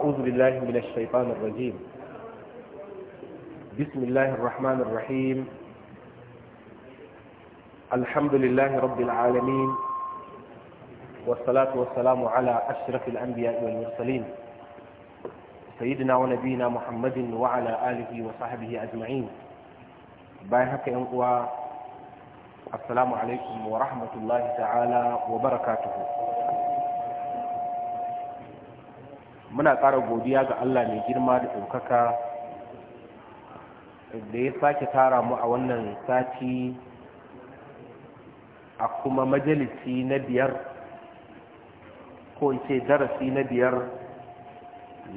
أعوذ بالله من الشيطان الرجيم بسم الله الرحمن الرحيم الحمد لله رب العالمين والصلاة والسلام على أشرف الأنبياء والمرسلين سيدنا ونبينا محمد وعلى آله وصحبه أجمعين باهك أنقوى السلام عليكم ورحمة الله تعالى وبركاته muna ƙara godiya ga Allah mai girma da ɗaukaka da ya sake tara mu a wannan sati a kuma majalisi na biyar ko in ce darasi na biyar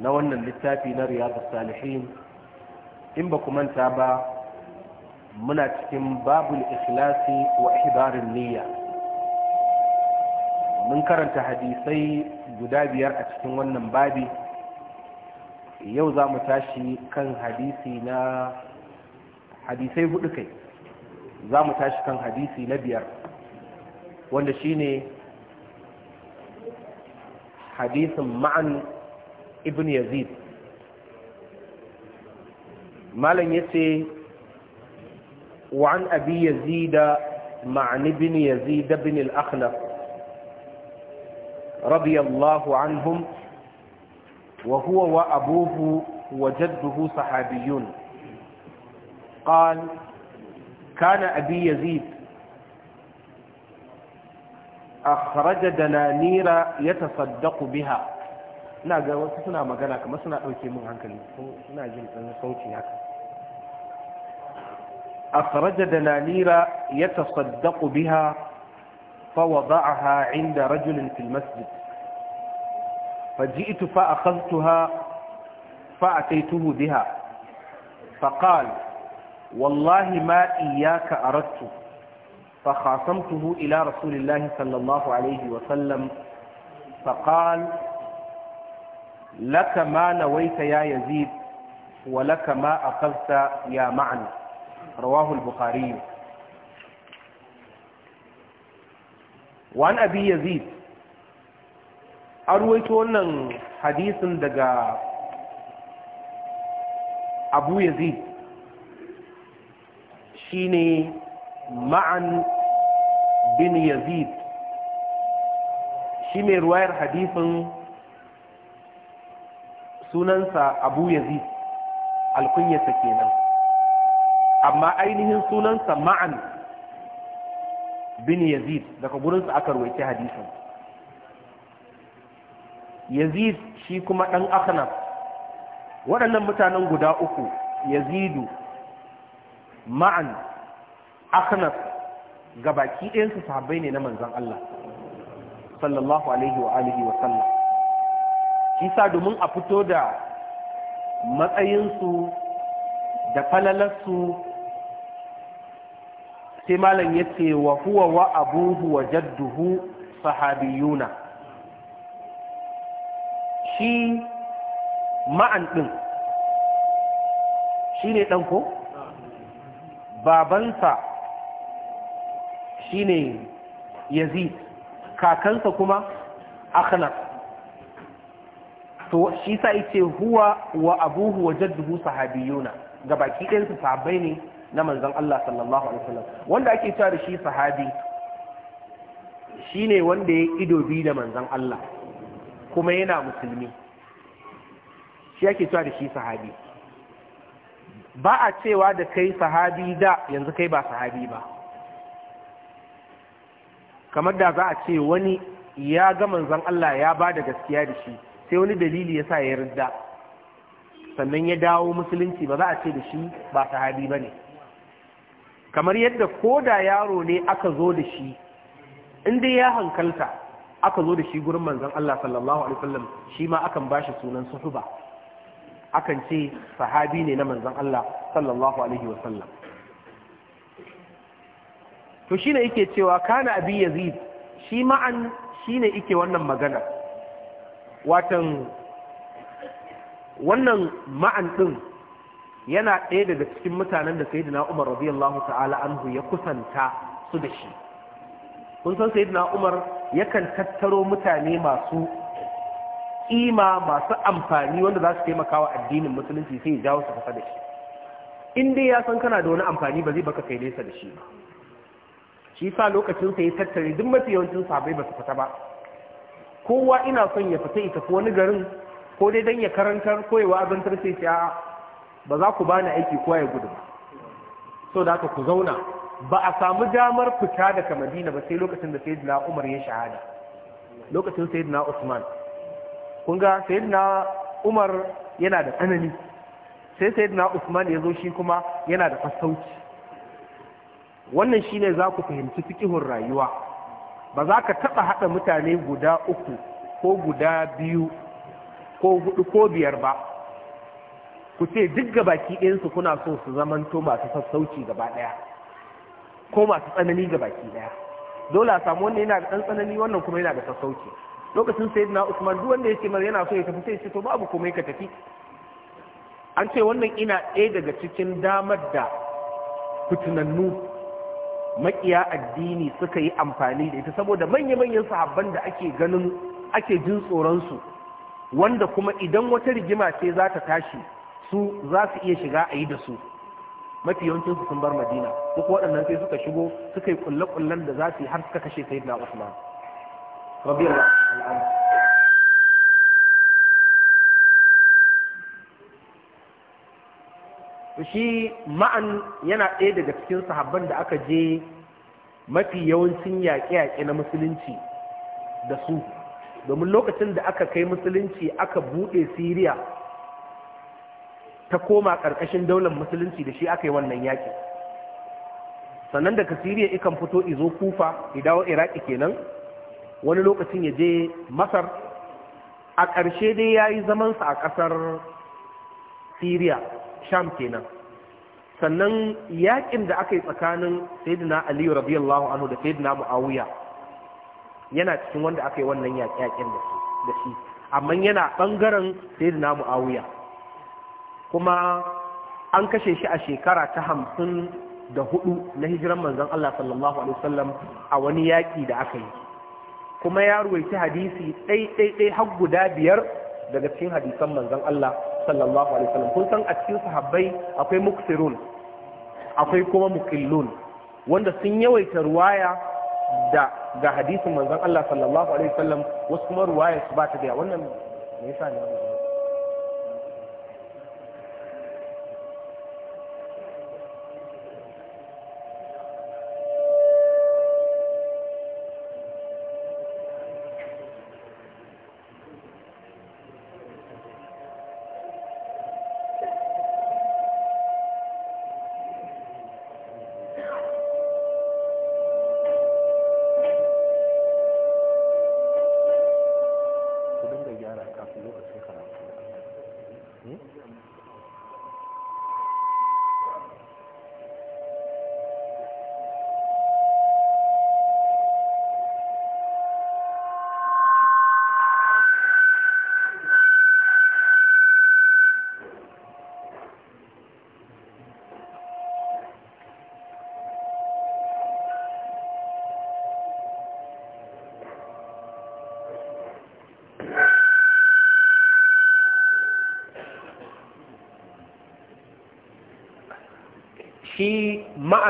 na wannan littafi na riyadu salihin in ba manta ba muna cikin babul ikhlasi wa ihbarin niyya mun karanta hadisai guda biyar a cikin wannan babi yau za mu tashi kan hadisi na hadisai hudu kai za mu tashi kan hadisi na biyar wanda shine hadisin ma'an ibn yazid malam ya ce abi yazida يزيد مع yazida يزيد بن الأخنف رضي الله عنهم وهو وأبوه وجده صحابيون قال كان أبي يزيد أخرج دنانير يتصدق بها ناجا وسنا ما قالك ما سنا أوكي مو هنكل ناجي أنا صوتي هك أخرج دنانير يتصدق بها فوضعها عند رجل في المسجد فجئت فأخذتها فأتيته بها فقال والله ما إياك أردت فخاصمته إلى رسول الله صلى الله عليه وسلم فقال لك ما نويت يا يزيد ولك ما أخذت يا معنى رواه البخاري wani abi yazid a ruwaito wannan hadisin daga abu yazid shi ne ma'an bin yazid shi mai ruwayar hadisin sunansa abu yazid alkunyarsa kenan amma ainihin sunansa ma'an bin yazid daga gurinsa aka ruwaice hadisin yazid shi kuma ɗan akhnas waɗannan mutanen guda uku yazidu ma'an akhnas ga baki ɗayansu sahabbai ne na manzan Allah sallallahu alaihi wa alihi wa sallam shi sa domin a fito da matsayinsu da falalarsu sai malam ya ce wa huwa wa abuhu wa jadduhu sahabiyuna shi ma'an ɗin shi ne ɗanko babansa shi ne yazid kakansa kuma akhna to shi sa ce huwa wa abuhu wa jadduhu sahabiyuna ga baki ɗayan su sahabbai ne na manzon Allah sallallahu alaihi wasallam wanda ake cewa da shi sahabi shine wanda ya ido bi da manzon Allah kuma yana musulmi shi ake cewa da shi sahabi ba a cewa da kai sahabi da yanzu kai ba sahabi ba kamar da za a ce wani ya ga manzon Allah ya ba da gaskiya da shi sai wani dalili ya sa ya yarda sannan ya dawo musulunci ba za a ce da shi ba sahabi ba ne kamar yadda ko da yaro ne aka zo da shi inda ya hankalta aka zo da shi gurin manzan Allah sallallahu alaihi wasallam shi ma akan ba shi sunan suhuba akan ce sahabi ne na manzan Allah sallallahu alaihi wasallam to shi ne ike cewa kana abi yazid shi ma'an shi ne ike wannan magana watan wannan ma'an ɗin. yana ɗaya daga cikin mutanen da sayyidina Umar radiyallahu ta'ala anhu ya kusanta su da shi kun san sayyidina Umar yakan tattaro mutane masu kima masu amfani wanda za su taimaka wa addinin musulunci sai ya jawo su fasa da shi in dai ya san kana da wani amfani ba zai baka kai nesa da shi ba shi sa lokacin sa ya tattare duk mafi yawancin sahabbai ba su fita ba kowa ina son ya fita ya tafi wani garin ko dai dan ya karantar ko ya wa'azantar sai ya ba za ku bani aiki kowa ya gudu ba so da aka ku zauna ba a samu damar fita daga madina ba sai lokacin da sayyidina umar ya shahada lokacin sayyidina usman kun ga sayyidina umar yana da tsanani sai sayyidina usman ya zo shi kuma yana da fasauci wannan shi ne za ku fahimci fikihun rayuwa ba za ka taɓa haɗa mutane guda uku ko guda biyu ko hudu ko biyar ba ku ce duk gabaki ɗayansu kuna so su zamanto masu sassauci gaba ɗaya ko masu tsanani gabaki ɗaya dole a samu wannan yana da ɗan tsanani wannan kuma yana da sassauci lokacin sayyidina usman duk wanda ya ce mara yana so ya tafi sai ce to babu komai ka tafi an ce wannan ina ɗaya daga cikin damar da fitinannu makiya addini suka yi amfani da ita saboda manya-manyan sahabban da ake ganin ake jin tsoron su wanda kuma idan wata rigima ce za ta tashi su za su iya shiga a yi da su mafi yawancin su sun bar madina duk waɗannan sai suka shigo suka yi kulle-kullen da za su yi har suka kashe sai na usman shi ma'an yana ɗaya daga cikin sahabban da aka je mafi yawancin yaƙe-yaƙe na musulunci da su domin lokacin da aka kai musulunci aka buɗe siriya ta koma ƙarƙashin daular musulunci da shi aka yi wannan yaƙi sannan daga siriya ikan fito izo kufa idawo iraki kenan wani lokacin ya je masar a ƙarshe dai ya yi zamansa a ƙasar siriya sham kenan sannan yaƙin da aka yi tsakanin saidina aliyu radiyallahu anhu da sayyidina mu'awiya yana cikin wanda aka yi wannan yaƙin da shi amma yana ɓangaren sayyidina mu'awiya kuma an kashe shi a shekara ta hamsin da hudu na hijiran manzon Allah sallallahu alaihi wasallam a wani yaƙi da aka yi kuma ya ruwaita hadisi ɗai har guda biyar daga cikin hadisan manzon Allah sallallahu alaihi wasallam kun san a cikin sahabbai akwai muksirun akwai kuma mukillun wanda sun yawaita ruwaya da ga hadisin manzon Allah sallallahu alaihi wasallam wasu kuma ruwaya su ba ta da wannan me yasa ne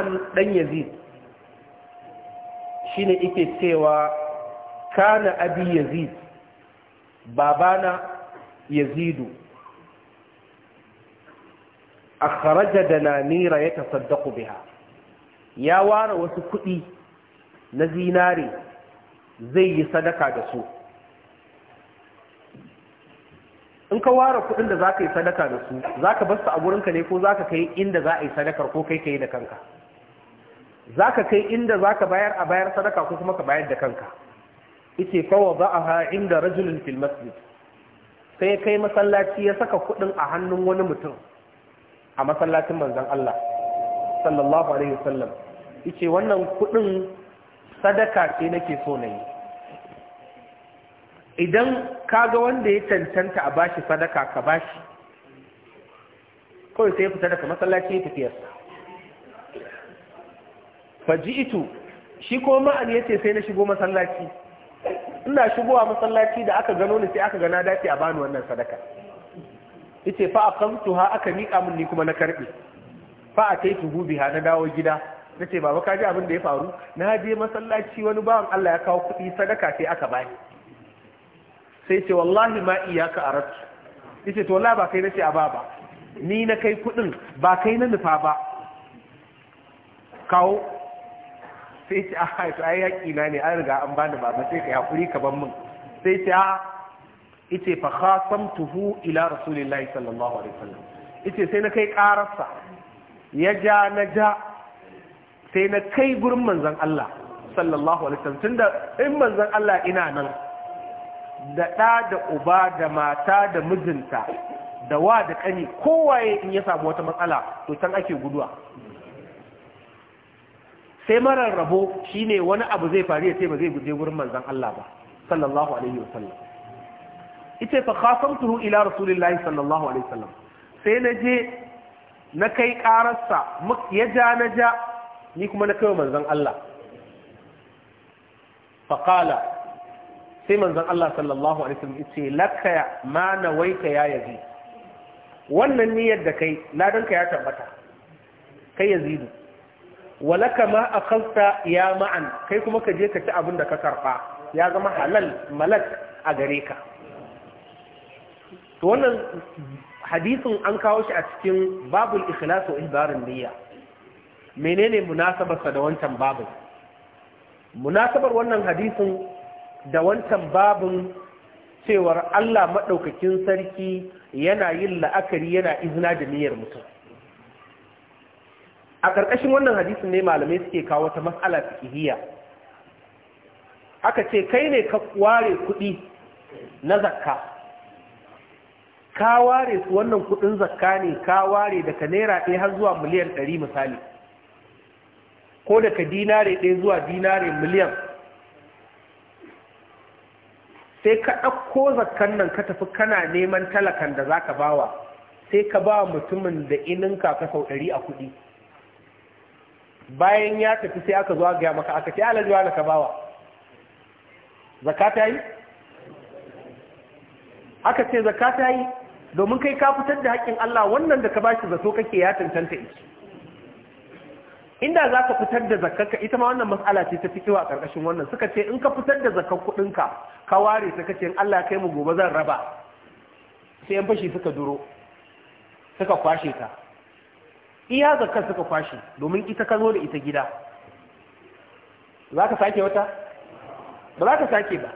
na'am ɗan yazid shi ne ike cewa kana abi yazid babana yazidu a kharaja da na ya tasaddaku biha ya ware wasu kuɗi na zinare zai yi sadaka da su in ka ware kuɗin da za ka yi sadaka da su za ka basu a gurinka ne ko za ka kai inda za a yi sadakar ko kai ka yi da kanka za ka kai inda za ka bayar a bayar sadaka ko kuma ka bayar da kanka ita kawo za a ha inda rajulun fil masjid sai kai masallaci ya saka kudin a hannun wani mutum a masallacin manzan Allah sallallahu alaihi wasallam ita wannan kudin sadaka ce nake so na yi idan kaga wanda ya cancanta a bashi sadaka ka bashi kawai sai ya fita daga masallaci ya tafiyarsa faji ito shi ko ma'an ce sai na shigo masallaci ina shigowa masallaci da aka gano ni sai aka gana dace a bani wannan sadaka ita fa ha aka mika min ni kuma na karbi fa a kai tuhu biha na dawo gida nace baba ka ji abin da ya faru na je masallaci wani bawan Allah ya kawo kuɗi sadaka sai aka bani sai ce wallahi ma iyaka aratu ita to wallahi ba kai nace a baba ni na kai kuɗin ba kai na nufa ba kawo sai ce a ah, haifu a yaƙi na ne an riga an bani baba sai ka yaƙuri ka ban min sai ce a ah, ita fa tuhu ila rasulillahi sallallahu alaihi wasallam ita sai na kai ƙararsa ya ja na ja sai na kai gurin manzon Allah sallallahu alaihi wasallam tunda in manzon Allah ina nan da ɗa da uba da mata da mijinta da wa da ƙani kowaye in ya samu wata matsala to can ake guduwa sai marar rabo ne wani abu zai faru ya ce ba zai guje wurin manzan Allah ba sallallahu alaihi wasallam ita fa khasamtuhu ila rasulillahi sallallahu alaihi wasallam sai na je na kai kararsa ya ja na ja ni kuma na kai wa manzan Allah faƙala sai manzan Allah sallallahu alaihi wasallam ce laka ma nawaita ya yazi wannan niyyar da kai ka ya tabbata kai yazidu walaka ma akalta ya ma'an kai kuma ka je ka ci abin da ka karba ya zama halal malak a gare ka to wannan hadisin an kawo shi a cikin babul ikhlas wa ihbarin niyya menene sa da wancan babin munasabar wannan hadisin da wancan babun cewar Allah maɗaukakin sarki yana yin la'akari yana izna da niyyar mutum a ƙarƙashin wannan hadisin ne malamai suke kawo wata matsala ihiya aka ce kai ne ka ware kuɗi na zakka ka ware su wannan kuɗin zakka ne ka ware daga naira ɗaya har zuwa miliyan ɗari misali ko daga dinare ɗaya zuwa dinare miliyan sai ka ɗauko zakkan nan ka tafi kana neman talakan da za ka bawa sai ka ba mutumin da ininka ka sau ɗari a kuɗi bayan ya tafi sai aka zo ga maka aka ce alaji wani ka bawa zakata yi aka ce zakata yi domin kai ka fitar da haƙƙin Allah wannan da ka bashi zato kake ya tantanta shi inda za ka fitar da zakarka ita ma wannan matsala ce ta fitowa a ƙarƙashin wannan suka ce in ka fitar da zakar kuɗinka ka ware ta kace in Allah kai mu gobe zan raba sai yan fashi suka duro suka kwashe ta iya zakar suka kwashe domin ita ka da ita gida za ka sake wata ba za ka sake ba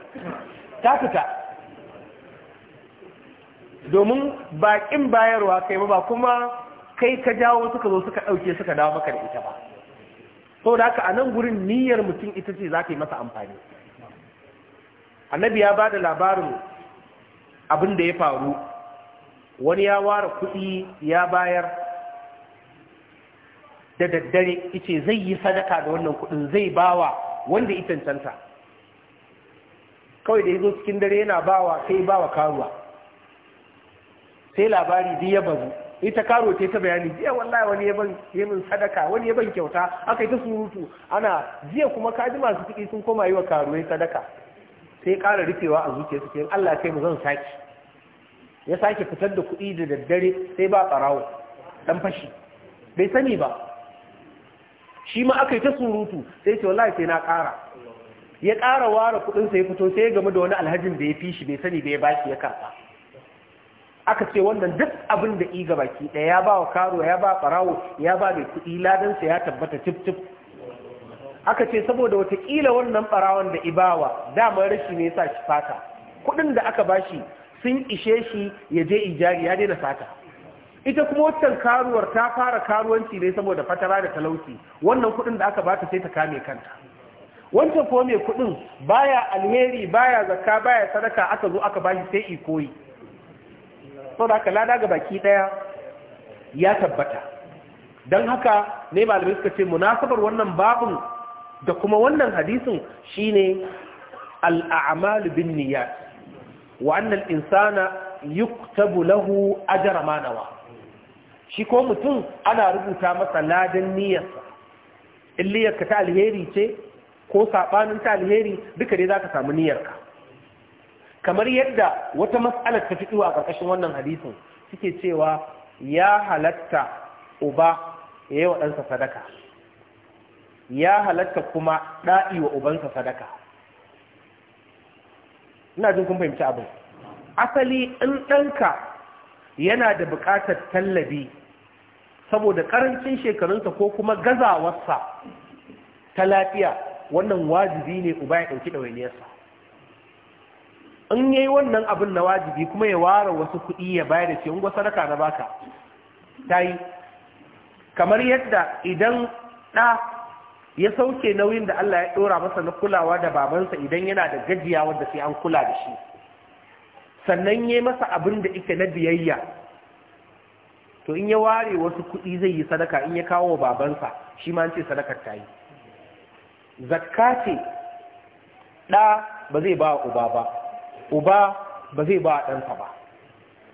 ta fita domin baƙin bayarwa kai ba kuma kai ka jawo suka zo suka ɗauke suka dawo maka da ita ba sau da haka a nan gurin niyyar mutum ita ce za ka yi masa amfani annabi ya ba da labarin abin da ya faru wani ya ware kuɗi ya bayar da daddare ice zai yi sadaka da wannan kudin zai bawa wanda ya cancanta kawai da ya zo cikin dare yana bawa sai bawa karuwa sai labari duk ya bazu ita karo ce ta bayani jiya wallahi wani ya ban min sadaka wani ya ban kyauta aka yi ta surutu ana jiya kuma kaji masu kuɗi sun koma yi wa karuwai sadaka sai ƙara rufewa a zuciya suke Allah sai mu zan sake ya sake fitar da kuɗi da daddare sai ba tsarawo dan fashi bai sani ba shi ma aka yi ta surutu sai ce wallahi sai na ƙara ya ƙara ware kuɗin ya fito sai ya gamu da wani alhajin da ya fi shi bai sani ya ba shi ya karɓa aka ce wannan duk abin da iga baki ɗaya ya ba wa karo ya ba farawo ya ba mai kuɗi ladansa ya tabbata cif cif aka ce saboda watakila wannan barawon da ibawa damar rashi ne sa shi fata kuɗin da aka bashi sun ishe shi ya je ijari ya daina sata ita kuma waccan karuwar ta fara karuwanci ne saboda fatara da talauci wannan kuɗin da aka bata sai ta kame kanta wancan kuma mai kuɗin baya alheri baya zakka baya sadaka aka zo aka bashi sai ikoyi saboda haka lada ga baki ɗaya ya tabbata don haka ne malamai suka ce munasabar wannan babun da kuma wannan hadisin shine al'amalu bin niyyat wa annal insana yuktabu lahu ajra ma nawa shi ko mutum ana rubuta masa ladin niyarsa. in ta alheri ce ko saɓanin ta alheri duka dai za ka samu niyarka kamar yadda wata matsalar ta fito a ƙarƙashin wannan hadisin suke cewa ya halatta uba ya yi wa ɗansa sadaka ya halatta kuma ɗa'i wa ubansa sadaka ina jin kun fahimci abin asali in ɗanka yana da buƙatar tallabi saboda karancin shekarunsa ko kuma gazawarsa ta lafiya wannan wajibi ne uba ya ɗauki ɗawainiyarsa in ya yi wannan abin na wajibi kuma ya ware wasu kuɗi ya bayar da ce in sadaka na baka ta yi kamar yadda idan ɗa ya sauke nauyin da Allah ya ɗora masa na kulawa da babansa idan yana da gajiya wadda sai an kula da shi sannan ya masa abin da ike na biyayya to in ya ware wasu kuɗi zai yi sadaka in ya kawo babansa shi ma ce sadakar ta yi zakka ce ɗa ba zai ba uba ba uba ba zai ba ɗansa ba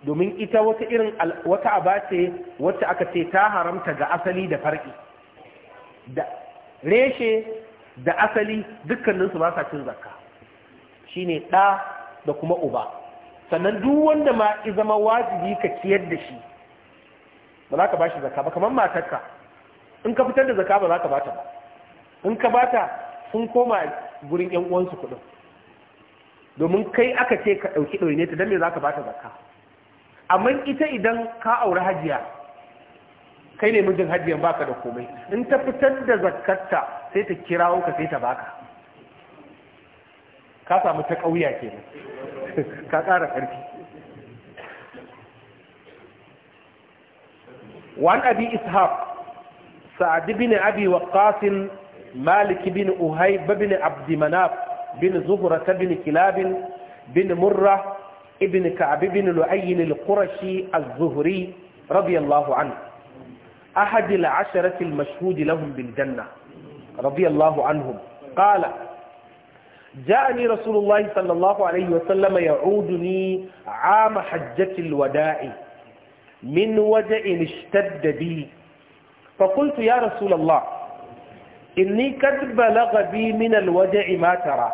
domin ita wata irin wata aba ce wacce aka ce ta haramta ga asali da farki da reshe da asali dukkaninsu ba sa cin zakka ne ɗa da kuma uba sannan duk wanda ma zama wajibi ka ciyar da shi ba za ka ba shi zaka ba kamar matarka in ka fitar da zaka ba za ka ba ta ba in ka bata sun koma gurin yan uwansu kuɗin domin kai aka ce ka ɗauki ɗaune ta don me za ka ba ta zaka? amma ita idan ka aure hajiya kai ne mijin hajiyan baka da komai in ta fitar da zakarta sai ta kirawo ka sai ta baka ka samu ta ƙauya kenan ka ƙara ƙarfi وعن أبي إسحاق سعد بن أبي وقاص مالك بن أهيب بن عبد مناف بن زهرة بن كلاب بن مرة ابن كعب بن لؤي القرشي الزهري رضي الله عنه أحد العشرة المشهود لهم بالجنة رضي الله عنهم قال جاءني رسول الله صلى الله عليه وسلم يعودني عام حجة الوداع من وجع اشتد بي فقلت يا رسول الله إني قد بلغ بي من الوجع ما ترى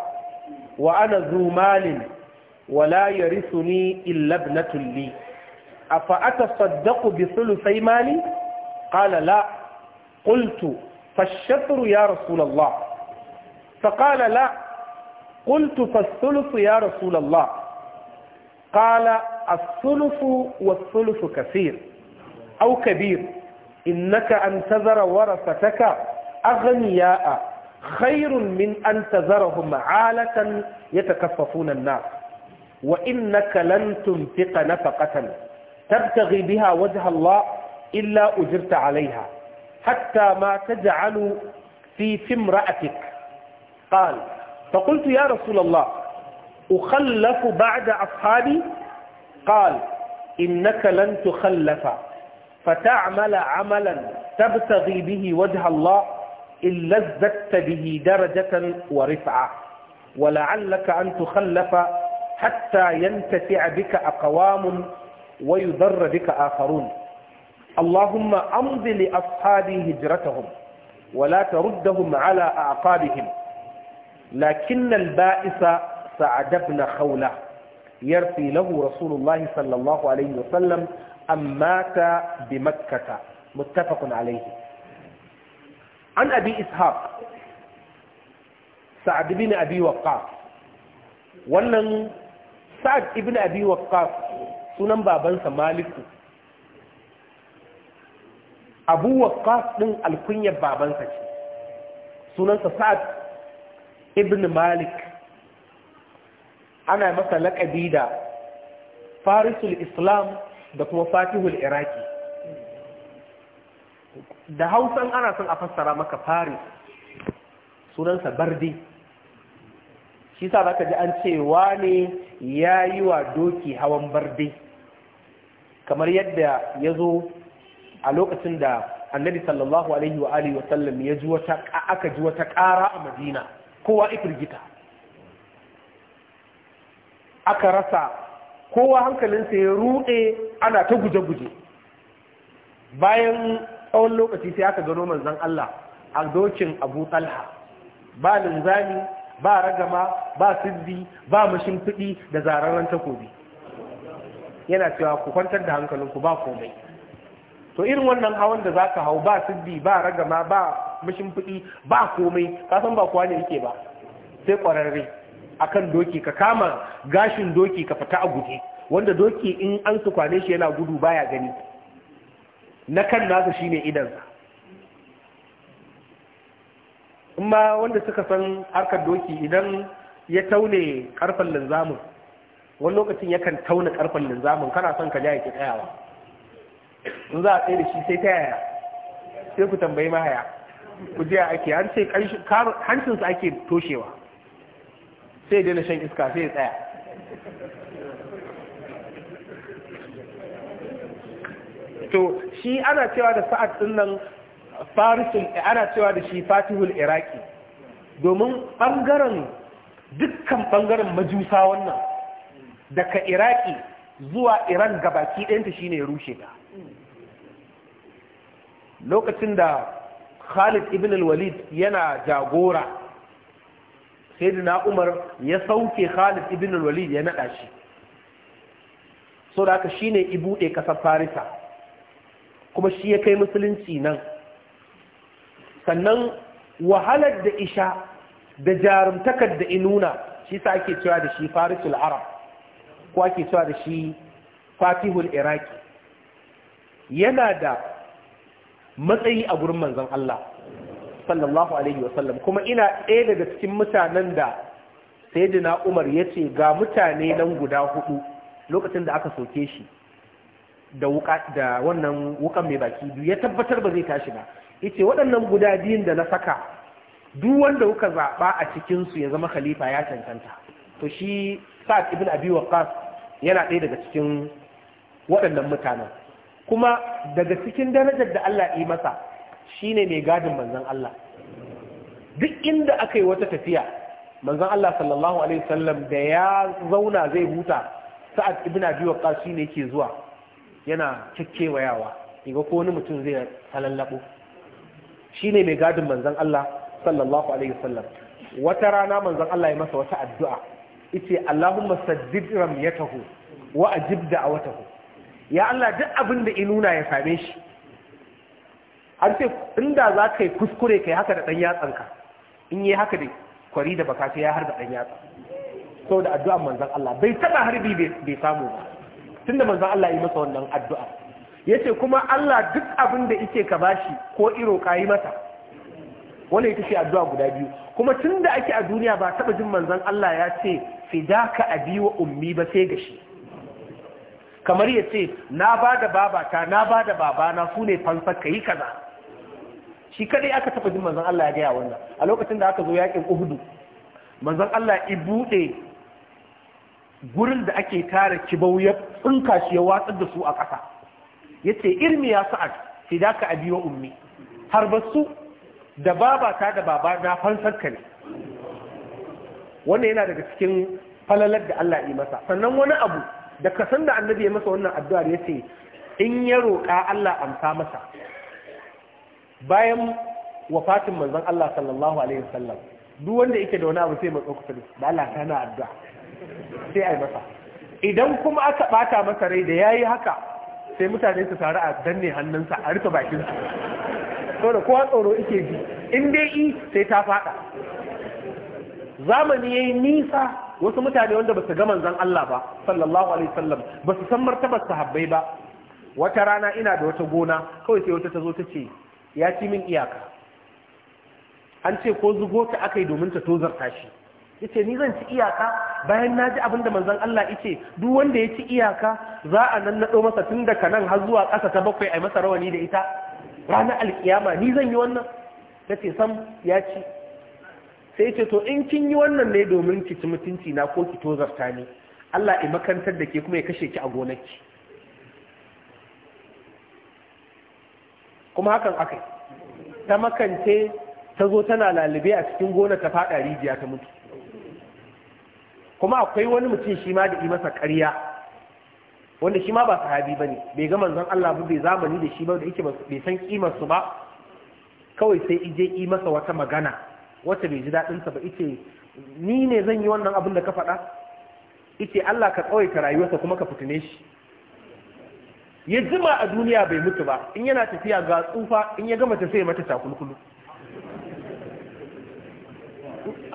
وأنا ذو مال ولا يرثني إلا ابنة لي أفأتصدق بثلثي مالي قال لا قلت فالشطر يا رسول الله فقال لا قلت فالثلث يا رسول الله قال الثلث والثلث كثير أو كبير إنك أن تذر ورثتك أغنياء خير من أن تذرهم عالة يتكففون الناس وإنك لن تنفق نفقة تبتغي بها وجه الله إلا أجرت عليها حتى ما تجعل في في امرأتك قال فقلت يا رسول الله أخلف بعد أصحابي قال إنك لن تخلف فتعمل عملا تبتغي به وجه الله إلا ازددت به درجة ورفعة ولعلك أن تخلف حتى ينتفع بك أقوام ويضر بك آخرون اللهم أمض لأصحابي هجرتهم ولا تردهم على أعقابهم لكن البائس سعد بن خوله Yar lahu rasulullahi sallallahu alaihi wasallam amma ta bi makkata muttafaqun alaihi an abi ishaq sa'ad ibn abi waqqas wannan sa'ad ibn abi waqqas sunan babansa maliku abu waqqas din alkunyar babansa ce sunansa sa'ad ibn malik ana masa laƙabi da farisul islam da kuma fatihul iraki da hausan ana son a fassara maka faris sunansa bardi shi sa za ka ji an cewa ne ya yi wa doki hawan bardi kamar yadda ya zo a lokacin da annabi sallallahu alaihi wa alihi wa sallam ya ji wata aka ji wata ƙara a madina kowa ifirgita aka rasa kowa hankalinsa ya ruɗe ana ta guje-guje bayan tsawon lokaci sai aka gano zan Allah a dokin Abu Talha ba linzani ba ragama ba siddi ba mashin fiɗi da zararren takobi yana cewa ku kwantar da hankalinku ba komai to irin wannan hawan da za ka hau ba siddi ba ragama ba mashin fiɗi ba komai kasan ba kowa ne yake ba sai ƙwararre. akan doki ka kama gashin doki ka fita a guje wanda doki in an su shi yana gudu baya gani na kan nasa shine idansa amma wanda suka san harkar doki idan ya taune karfan linzamin wani lokacin yakan taune karfan linzamin kana son ka ja yake tsayawa in za a tsaye da shi sai ta yaya sai ku tambayi mahaya ku je ake hancinsu ake toshewa sai daina shan iska sai ya tsaya to shi ana cewa da sa'ad din nan farisul ana cewa da shi fatihul iraki domin bangaren dukkan ɓangaren majusa wannan daga iraki zuwa iran gabaki ɗayanta shine ne rushe ta lokacin da khalid ibn al-walid yana jagora sai na Umar ya sauke Khalid ibn al-Walid ya nada shi so da haka shine ibuɗe ƙasar Farisa kuma shi ya kai musulunci nan sannan wahalar da isha da jarumtakar da inuna shi sa ake cewa da shi farisul arab ko ake cewa da shi fatihul iraki yana da matsayi a gurin manzon Allah sallallahu alaihi wasallam kuma ina ɗaya daga cikin mutanen da sayyidina Umar ya ce, ga mutane nan guda hudu lokacin da aka soke shi da wannan wukan mai baki biyu ya tabbatar ba zai tashi ba yace waɗannan guda biyun da na saka duk wanda kuka zaɓa a cikinsu ya zama khalifa ya cancanta to shi Sa'ad ibn Abi Waqqas yana ɗaya daga cikin waɗannan mutanen kuma daga cikin darajar da Allah yi masa shine mai gadin manzon Allah duk inda aka yi wata tafiya manzon Allah sallallahu alaihi wasallam da ya zauna zai huta sa'ad ibn abi waqqas shine yake zuwa yana cikkewayawa kiga ko wani mutum zai Shi shine mai gadin manzon Allah sallallahu alaihi wasallam wata rana manzon Allah ya masa wata addu'a yace Allahumma saddid ramyatahu wa ajib da'awatahu ya Allah duk abin da inuna ya same shi an ce inda za ka yi kuskure ka yi haka da ɗan yatsanka in yi haka da kwari da baka ya harba ɗan yatsa sau da addu'an manzan Allah bai taɓa harbi bai samu ba tun da manzan Allah yi masa wannan addu'a ya ce kuma Allah duk abin da ike ka bashi ko iro ka yi masa wani ita ce addu'a guda biyu kuma tun da ake a duniya ba taɓa jin manzan Allah ya ce fidaka abi wa ummi ba sai gashi kamar ya ce na ba da babata na ba da babana su ne fansa ka yi kaza shi kadai aka tafa jin manzon Allah ya gaya wannan a lokacin da aka zo yakin Uhud manzon Allah i bude gurin da ake tara kibau ya tsinka shi ya watsar da su a ƙasa yace irmi ya sa'ad fidaka a biyo ummi har su da babata da baba na fansar ka ne wannan yana daga cikin falalar da Allah yi masa sannan wani abu da kasan da annabi ya masa wannan addu'ar yace in ya roƙa Allah amsa masa bayan wafatin manzon Allah sallallahu alaihi wasallam duk wanda yake da wani abu sai mai kusa da Allah kana addu'a sai ai masa idan kuma aka bata masa rai da yayi haka sai mutane su taru a danne hannunsa a rufe bakin su saboda kowa tsoro yake ji in dai i sai ta fada zamani yayi nisa wasu mutane wanda ba su ga manzon Allah ba sallallahu alaihi wasallam basu san martabar sahabbai ba wata rana ina da wata gona kawai sai wata ta zo ta ce ya ci min iyaka an ce ko zugo ta aka yi domin ta tozarta shi yace ni zan ci iyaka bayan na ji abinda da manzon Allah yace duk wanda ya ci iyaka za a nan nado masa tun daga nan har zuwa ƙasa ta bakwai ai masa rawani da ita ranar alkiyama ni zan yi wannan ce sam ya ci sai yace to in kin yi wannan ne domin ki ci mutunci na ko ki tozarta ni Allah ya makantar da ke kuma ya kashe ki a gonarki kuma hakan aka yi ta makance ta zo tana lalube a cikin gona ta faɗa rijiya ta mutu kuma akwai wani mutum shi ma da yi masa ƙarya wanda shi ma ba sahabi ne. bai ga manzon Allah ba bai zamani da shi ba da yake bai san kimar ba kawai sai ije yi masa wata magana wata bai ji daɗin ba yace ni ne zan yi wannan abin da ka faɗa yace Allah ka tsawaita rayuwarsa kuma ka fitine shi ya jima a duniya bai mutu ba in yana tafiya ga tsufa in ya gama tafiya mata takulkulu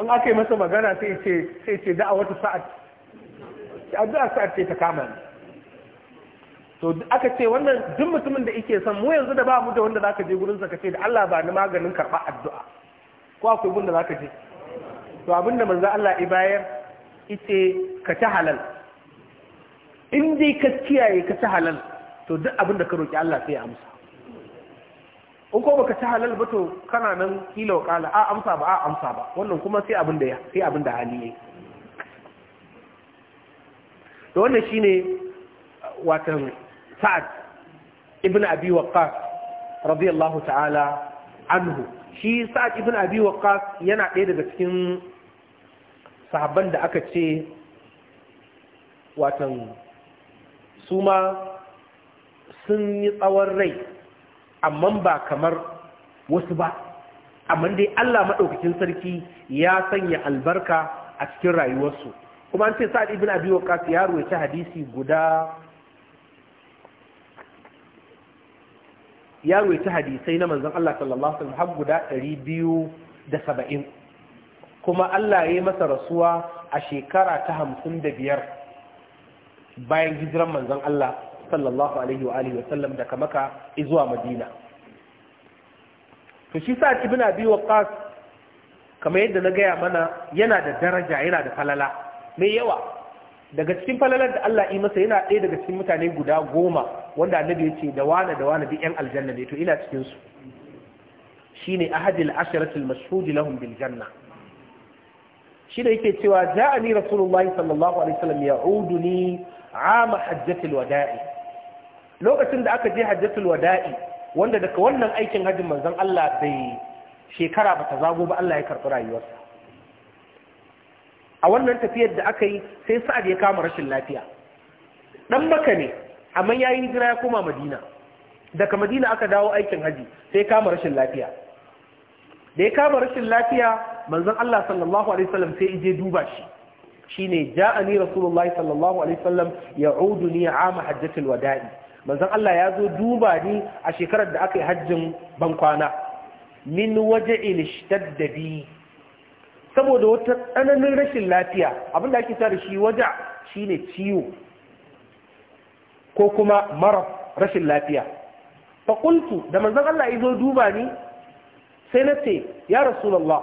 an aka yi masa magana sai ce sai ce da'a wata sa'ad addu'a sa'ad ce ta kama ni to aka ce wannan duk mutumin da yake son mu yanzu da ba mu da wanda zaka je gurin sa ce da Allah ba ni maganin karba addu'a ko akwai gun da zaka je to abinda manzo Allah ya bayar ite ka ta halal in dai ka kiyaye ka ta halal to duk abin da ka roƙi Allah sai ya amsa in ko baka ci halal ba to kana nan kila kala a amsa ba a amsa ba wannan kuma sai abin da sai abin da hali yayi to wannan shine watan Sa'ad ibn Abi Waqqas radiyallahu ta'ala anhu shi Sa'ad ibn Abi Waqqas yana ɗaya daga cikin sahabban da aka ce watan Suma. sun yi tsawon rai amma ba kamar wasu ba amma dai Allah maɗaukacin sarki ya sanya albarka a cikin rayuwarsu kuma an ce sa'ad ibn abi ƙasa ya ruwaita hadisi guda ya ruwaita hadisai na manzon Allah sallallahu alaihi wasallam har guda 270 kuma Allah ya yi masa rasuwa a shekara ta 55 bayan hijiran manzon Allah sallallahu alaihi wa alihi wasallam daga maka zuwa madina to shi sa ibn abi waqqas kamar yadda na gaya mana yana da daraja yana da falala mai yawa daga cikin falalar da Allah yi masa yana ɗaya daga cikin mutane guda goma wanda annabi ya ce da wane da wane duk yan aljanna ne to ina cikin su shine ahadil asharatul mashhud lahum bil janna shi da yake cewa ja'ani rasulullahi sallallahu alaihi wasallam ya'uduni ama hajjatul wada'i lokacin da aka je hajjatul wada'i wanda daga wannan aikin hajjin manzon Allah bai shekara ba ta zago ba Allah ya karɓi rayuwarsa a wannan tafiyar da aka yi sai sa'ad ya kama rashin lafiya dan maka ne amma yayi hijira ya koma madina daga madina aka dawo aikin haji sai kama rashin lafiya da ya kama rashin lafiya manzon Allah sallallahu alaihi wasallam sai ije duba shi shine ja'ani rasulullahi sallallahu alaihi wasallam ya'uduni 'ama hajjatul wada'i manzon Allah ya zo duba ni a shekarar da aka yi hajjin bankwana min waje ishtadda saboda wata tsananin rashin lafiya abinda ake tare shi shi shine ciwo ko kuma mara rashin lafiya faƙultu da manzon Allah ya zo duba ni sai na ce ya rasulallah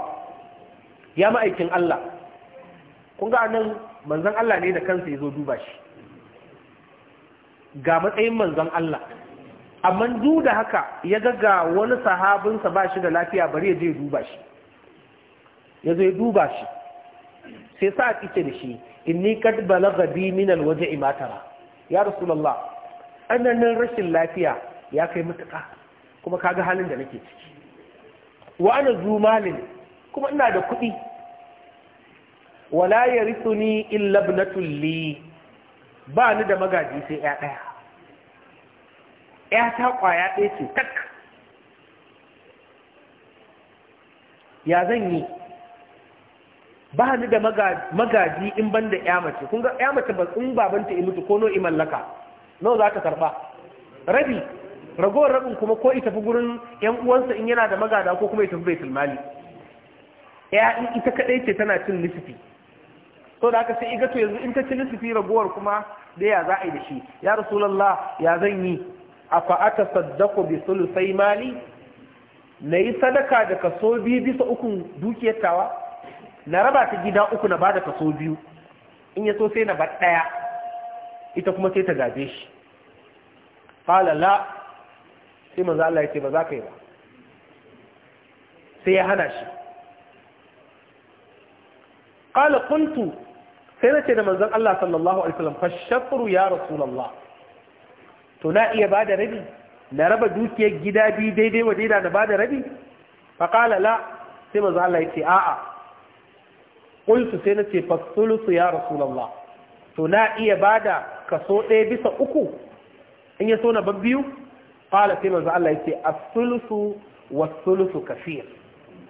ya ma'aikin Allah kun ga nan manzon Allah ne da kansa ya zo duba shi ga matsayin manzon Allah amma duk da haka ya ga ga wani sahabinsa ba shi da lafiya bari ya je ya duba shi ya zo ya duba shi sai sa a da shi inni kad balagha bi min alwaje imatara ya rasulullah rashin lafiya ya kai mutuka kuma kaga halin da nake ciki wa ana zumalin kuma ina da kuɗi wala yarithuni illa ibnatul li ba ni da magaji sai ya ɗaya ya ta ƙwaya ɗaya ce tak ya zan yi ba ni da magaji in ban da ya mace kun ga ya mace ba in babanta ya mutu ko no mallaka no za ka karɓa rabi ragowar rabin kuma ko ita fi gurin yan uwansa in yana da magada ko kuma ita fi baitul mali ya in ita kaɗai ce tana cin nisifi to da haka sai iga to yanzu in ta ci nisfi raguwar kuma da ya za a yi da shi ya rasulallah ya zan yi a fa'ata saddaku bi sulusai mali na yi sadaka da kaso biyu bisa ukun dukiyar tawa na raba ta gida uku na bada kaso biyu in ya so sai na bar ɗaya ita kuma sai ta gaje shi falala sai manzo Allah ya ce ba za ka yi ba sai ya hana shi قال قلت sai na ce da manzon Allah sallallahu alaihi wasallam fa shatru ya rasulullah to na iya bada rabi na raba dukiyar gida biyu daidai wa daida na bada rabi fa qala la sai manzon Allah yace a'a qultu sai na ce fa thuluthu ya rasulullah to na iya bada kaso ɗaya bisa uku in ya so na biyu? qala sai manzon Allah yace as-thuluthu was-thuluthu kaseer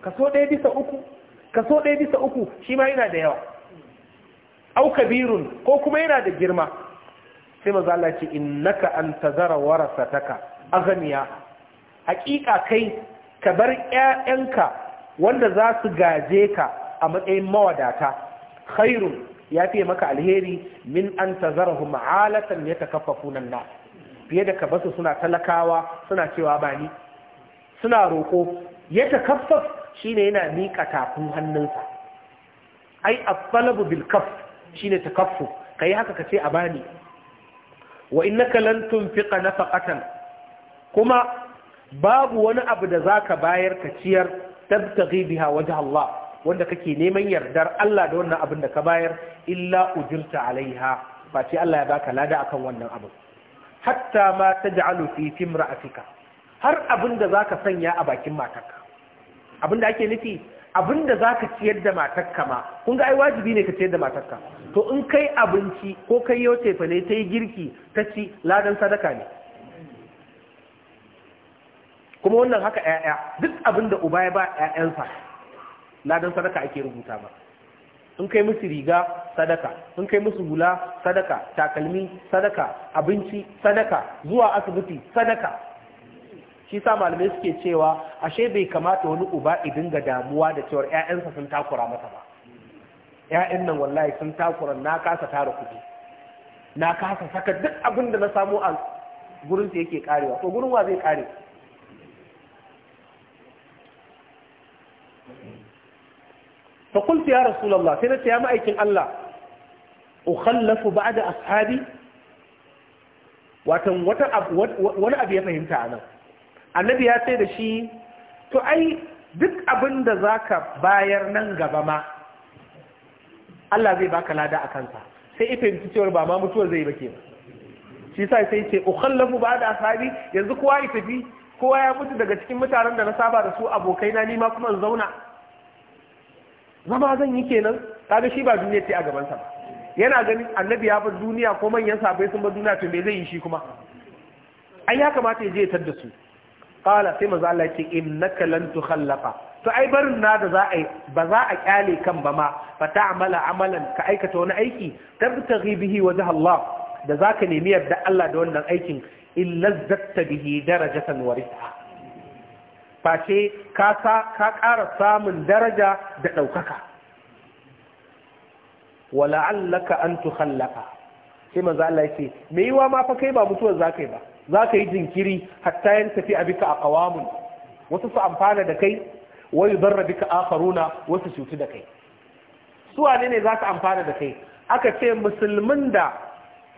kaso ɗaya bisa uku kaso ɗaya bisa uku shi ma yana da yawa au kabirun ko kuma yana da girma sai maza Allah ce innaka an tazara warasataka aghniya hakika kai ka bar 'ya'yanka wanda za su gaje ka a matsayin mawadata khairun ya fiye maka alheri min an hu ma'alatan ya takaffafu nan na fiye da ka basu suna talakawa suna cewa ba ni suna roƙo ya takaffaf shine yana miƙa tafin hannunsa ai a talabu bilkaf. shine takaffu kai haka kace a bani wa innaka lan tunfiqa nafaqatan kuma babu wani abu da zaka bayar ka ciyar tabtaghi biha wajh Allah wanda kake neman yardar Allah da wannan abin da ka bayar illa ujirta alaiha face Allah ya baka lada akan wannan abin hatta ma taj'alu fi timra'atika har abin da zaka sanya a bakin matarka abin da ake nufi abin da zaka ciyar da matarka ma kun ga ai wajibi ne ka ciyar da matarka to in kai abinci ko kai yau tefa ne ta yi girki ta ci ladan sadaka ne kuma wannan haka ‘ya'ya duk abin da uba ya ba ‘ya'yansa ladan sadaka ake rubuta ba in kai musu riga sadaka in kai musu hula sadaka takalmi sadaka abinci sadaka zuwa asibiti sadaka shi sa malamai suke cewa ashe bai kamata wani uba idin ga damuwa da cewar ‘ya'yansa sun takura masa ba 'ya'yan nan wallahi sun takura na kasa tara kuɗi na kasa saka duk abin da na samu a gurin su yake karewa ko gurin wa zai kare fa qultu ya rasulullah sai na ce ya ma'aikin Allah ukhallafu ba'da ashabi watan wani abu ya fahimta a nan annabi ya ce da shi to ai duk abin da za ka bayar nan gaba ma Allah zai baka lada a kansa sai ife da cewar ba ma mutuwar zai bake ba shi sa sai ce ukhallafu ba da asabi yanzu kowa ya tafi kowa ya mutu daga cikin mutanen da na saba da su abokai na nima kuma in zauna zama zan yi kenan kaga shi ba duniya ce a gaban sa yana ganin annabi ya bar duniya ko manyan sabai sun bar duniya to me zai yi shi kuma ai ya kamata ya je ya tadda su qala sai manzo Allah yake innaka lan tukhallafa to ai barin na da za a yi ba za a kyale kan ba ma ta amala amalan ka aikata wani aiki tabtaghi bihi wajen Allah da zaka nemi da Allah da wannan aikin illa zatta bihi darajatan warisa face ka ka ƙara samun daraja da ɗaukaka wala allaka an tukhallaka sai maza Allah me yiwa ma fa kai ba mutuwar yi ba Za ka yi jinkiri hatta yan tafi bika a ƙawamun wasu su amfana da kai wa yudarra bika akharuna wasu cutu da kai su wane ne za su amfana da kai aka ce musulmin da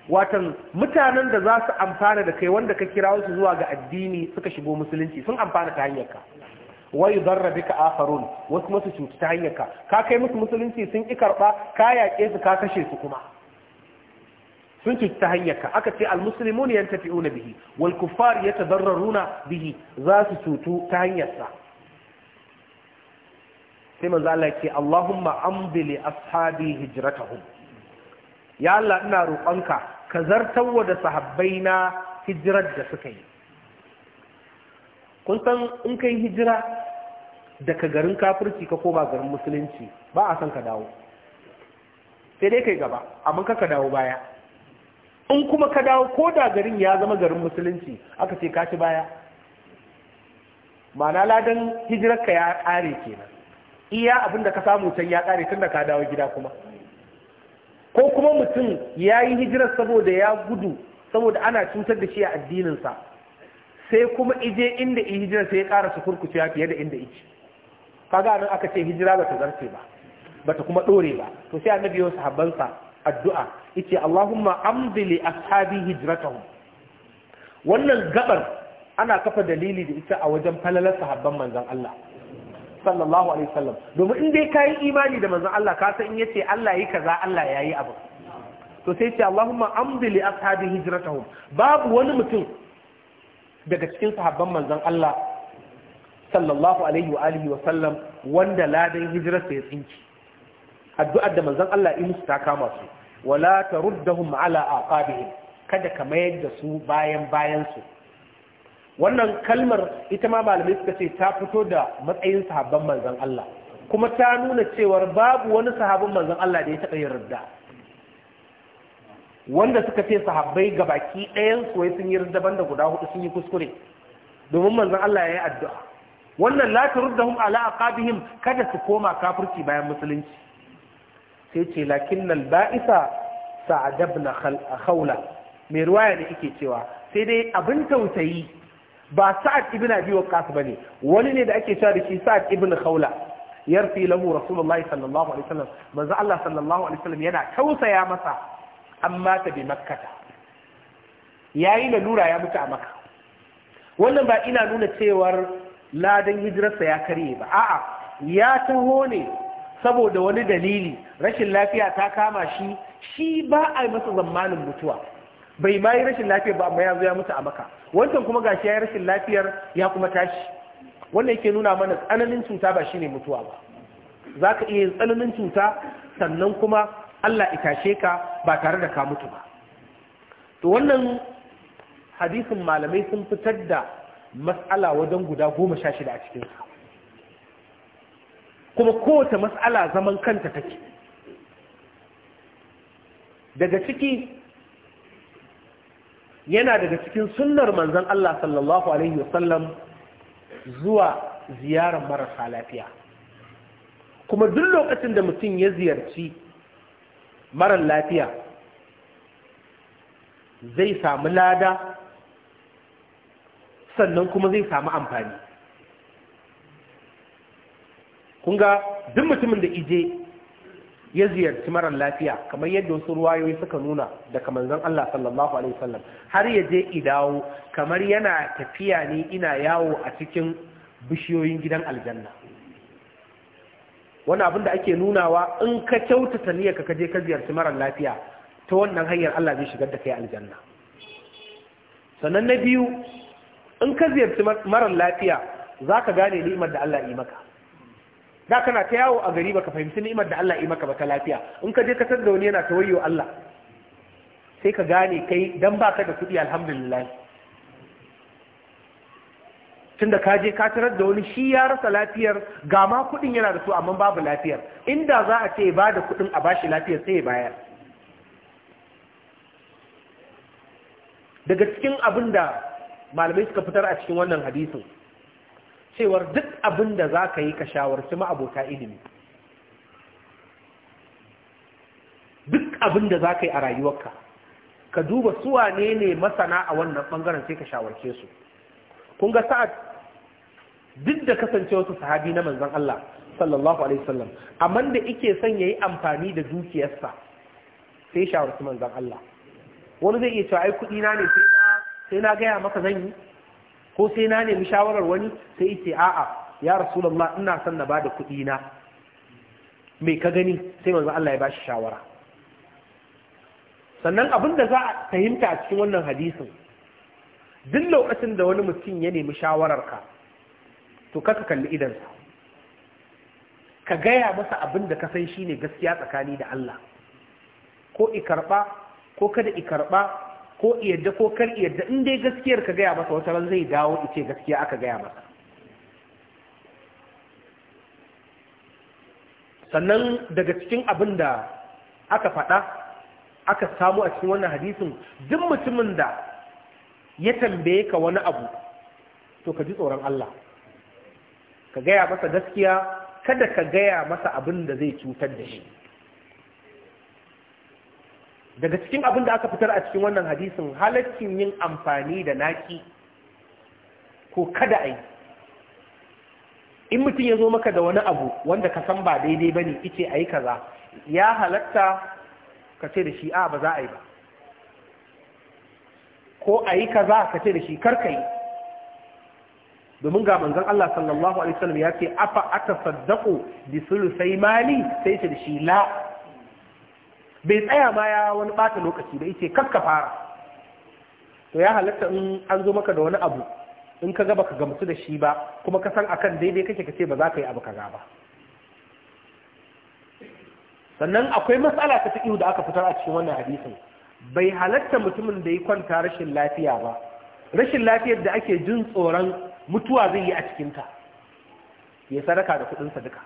watan mutanen da za su amfana da kai wanda ka kira su zuwa ga addini suka shigo musulunci sun amfana ta hanyar ka wa yudarra bika akharun wasu masu cutu ta hanyar ka kai musu musulunci sun ki karba ka yaƙe su ka kashe su kuma sun cutu ta hanyar ka aka ce almuslimun yantafi'una bihi wal kuffar yatadarraruna bihi za su cutu ta hanyar sa sai manzo Allah ke Allahumma ambili ashabi hijratahum ya Allah ina roƙonka ka zartawa da na hijirar da suka yi kun san in kai hijira daga garin kafirci ka koma garin musulunci ba a san ka dawo sai dai kai gaba amma ka ka dawo baya in kuma ka dawo ko da garin ya zama garin musulunci aka ce ka ci baya ma'ana ladan hijirarka ya ƙare kenan iya abin da ka samu can ya kare tun da ka dawo gida kuma ko kuma mutum ya yi hijirar saboda ya gudu saboda ana cutar da shi a addininsa sai kuma ije inda i hijirar sai ya ƙara su ya fiye da inda ici kaga nan aka ce hijira ba ta zarce ba ba ta kuma ɗore ba to sai annabi yau sahabbansa addu'a yace Allahumma amdili ashabi hijratahum wannan gabar ana kafa dalili da ita a wajen falalar sahabban manzon Allah sallallahu alaihi sallam domin in dai kai imani da manzon Allah ka san in yace Allah yi kaza Allah yayi abu to sai ce Allahumma amdi li ashabi hijratahum babu wani mutum daga cikin sahabban manzon Allah sallallahu alaihi wa alihi wa sallam wanda ladan hijrarsa ya tsinci addu'ar da manzon Allah ya musu ta kama su wala taruddahum ala aqabihim kada ka mayar da su bayan bayan su wannan kalmar ita ma malamai suka ce ta fito da matsayin sahabban manzan Allah kuma ta nuna cewar babu wani sahabin manzan Allah da ya taɓa yin ridda wanda suka ce sahabbai ga baki ɗayan soyayya sun yi ridda banda guda hudu sun yi kuskure domin manzan Allah ya yi addu'a wannan la hum ala aqabihim kada su koma kafirci bayan musulunci sai ce lakinnal ba'isa sa'adabna khawla mai ruwaya da yake cewa sai dai abin tausayi ba sa'ad ibn abi waqqas bane wani ne da ake cewa da shi sa'ad ibn khawla yarfi lahu rasulullahi sallallahu alaihi wasallam manzo Allah sallallahu alaihi wasallam yana tausaya masa amma ta bi makkata yayi lura ya mutu a makka wannan ba ina nuna cewar ladan hijirarsa ya karye ba a'a ya taho ne saboda wani dalili rashin lafiya ta kama shi shi ba a masa zammanin mutuwa bai ma yi rashin lafiyar ba amma ya zo ya mutu a maka wancan kuma ga shi ya yi rashin lafiyar ya kuma tashi wannan yake nuna mana tsananin cuta ba shi ne mutuwa ba za ka iya yin tsananin cuta sannan kuma Allah itashe tashe ka ba tare da ka mutu ba to wannan hadisin malamai sun fitar da matsala wajen guda goma sha shida a cikinsa kuma kowace matsala zaman kanta take daga ciki yana daga cikin sunnar manzon Allah sallallahu alaihi wasallam zuwa ziyarar marasa lafiya kuma duk lokacin da mutum ya ziyarci marar lafiya zai samu lada sannan kuma zai samu amfani kunga duk mutumin da ije ya ziyarci marar lafiya kamar yadda wasu ruwayoyi suka nuna daga manzon Allah sallallahu alaihi wasallam har ya je idawo kamar yana tafiya ne ina yawo a cikin bishiyoyin gidan aljanna wani abin da ake nunawa in ka kyautata niyyarka ka je ka ziyarci marar lafiya ta wannan hanyar Allah zai shigar da kai aljanna sannan na biyu in ka ziyarci marar lafiya zaka gane ni'imar da Allah yi maka da kana ta yawo a gari baka fahimci ni'imar da Allah ya yi maka ba ta lafiya in ka je ka da wani yana tawayyo Allah sai ka gane kai dan baka da kuɗi alhamdulillah tunda ka je ka tarar da wani shi ya rasa lafiyar ga ma kuɗin yana da su amma babu lafiyar inda za a ce ba da kuɗin a bashi lafiyar sai ya bayar daga cikin abin da malamai suka fitar a cikin wannan hadisin cewar duk abin da za ka yi ka shawarci ma'abota ilimi duk abin da za ka yi a rayuwarka ka duba suwa ne ne masana a wannan bangaren sai ka shawarce su kun ga sa'ad duk da kasance wasu sahabi na manzan Allah sallallahu alaihi wasallam amma da ike son yayi amfani da dukiyarsa sai shawarci manzan Allah wani zai iya cewa ai kuɗi na ne sai na gaya maka zan yi ko sai na nemi shawarar wani sai ce a'a ya rasulullah ina son na bada kuɗi na mai ka gani sai manzo Allah ya bashi shawara sannan abin da za a fahimta a cikin wannan hadisin duk lokacin da wani mutum ya nemi shawarar ka to kaka kalli idansa ka gaya masa abin da ka san shi ne gaskiya tsakani da Allah ko ikarba ko kada ikarba ko yadda ko kar yadda in dai gaskiyar ka gaya masa wata ran zai dawo ice gaskiya aka gaya masa sannan daga cikin abin da aka faɗa aka samu a cikin wannan hadisin duk mutumin da ya tambaye ka wani abu to ka ji tsoron Allah ka gaya masa gaskiya kada ka gaya masa abin da zai cutar da shi daga cikin abin da aka fitar a cikin wannan hadisin halaccin yin amfani da naki ko kada a yi in mutum ya zo maka da wani abu wanda ka san ba daidai ba ne ice a yi kaza ya halatta ka ce da shi a ba za a yi ba ko a yi kaza ka ce da shi karka yi domin ga manzon Allah sallallahu alaihi wasallam ya ce afa saddako bi sulusai mali sai ce da shi la bai tsaya ma ya wani bata lokaci da ice kakka fara to ya halatta in an zo maka da wani abu in ka ga ka gamsu da shi ba kuma ka san akan daidai kake ka ce ba za ka yi abu ka ba sannan akwai matsala ta tsiyu da aka fitar a cikin wannan hadisin bai halatta mutumin da ya kwanta rashin lafiya ba rashin lafiyar da ake jin tsoron mutuwa zai yi a cikinta ya sadaka da kuɗinsa duka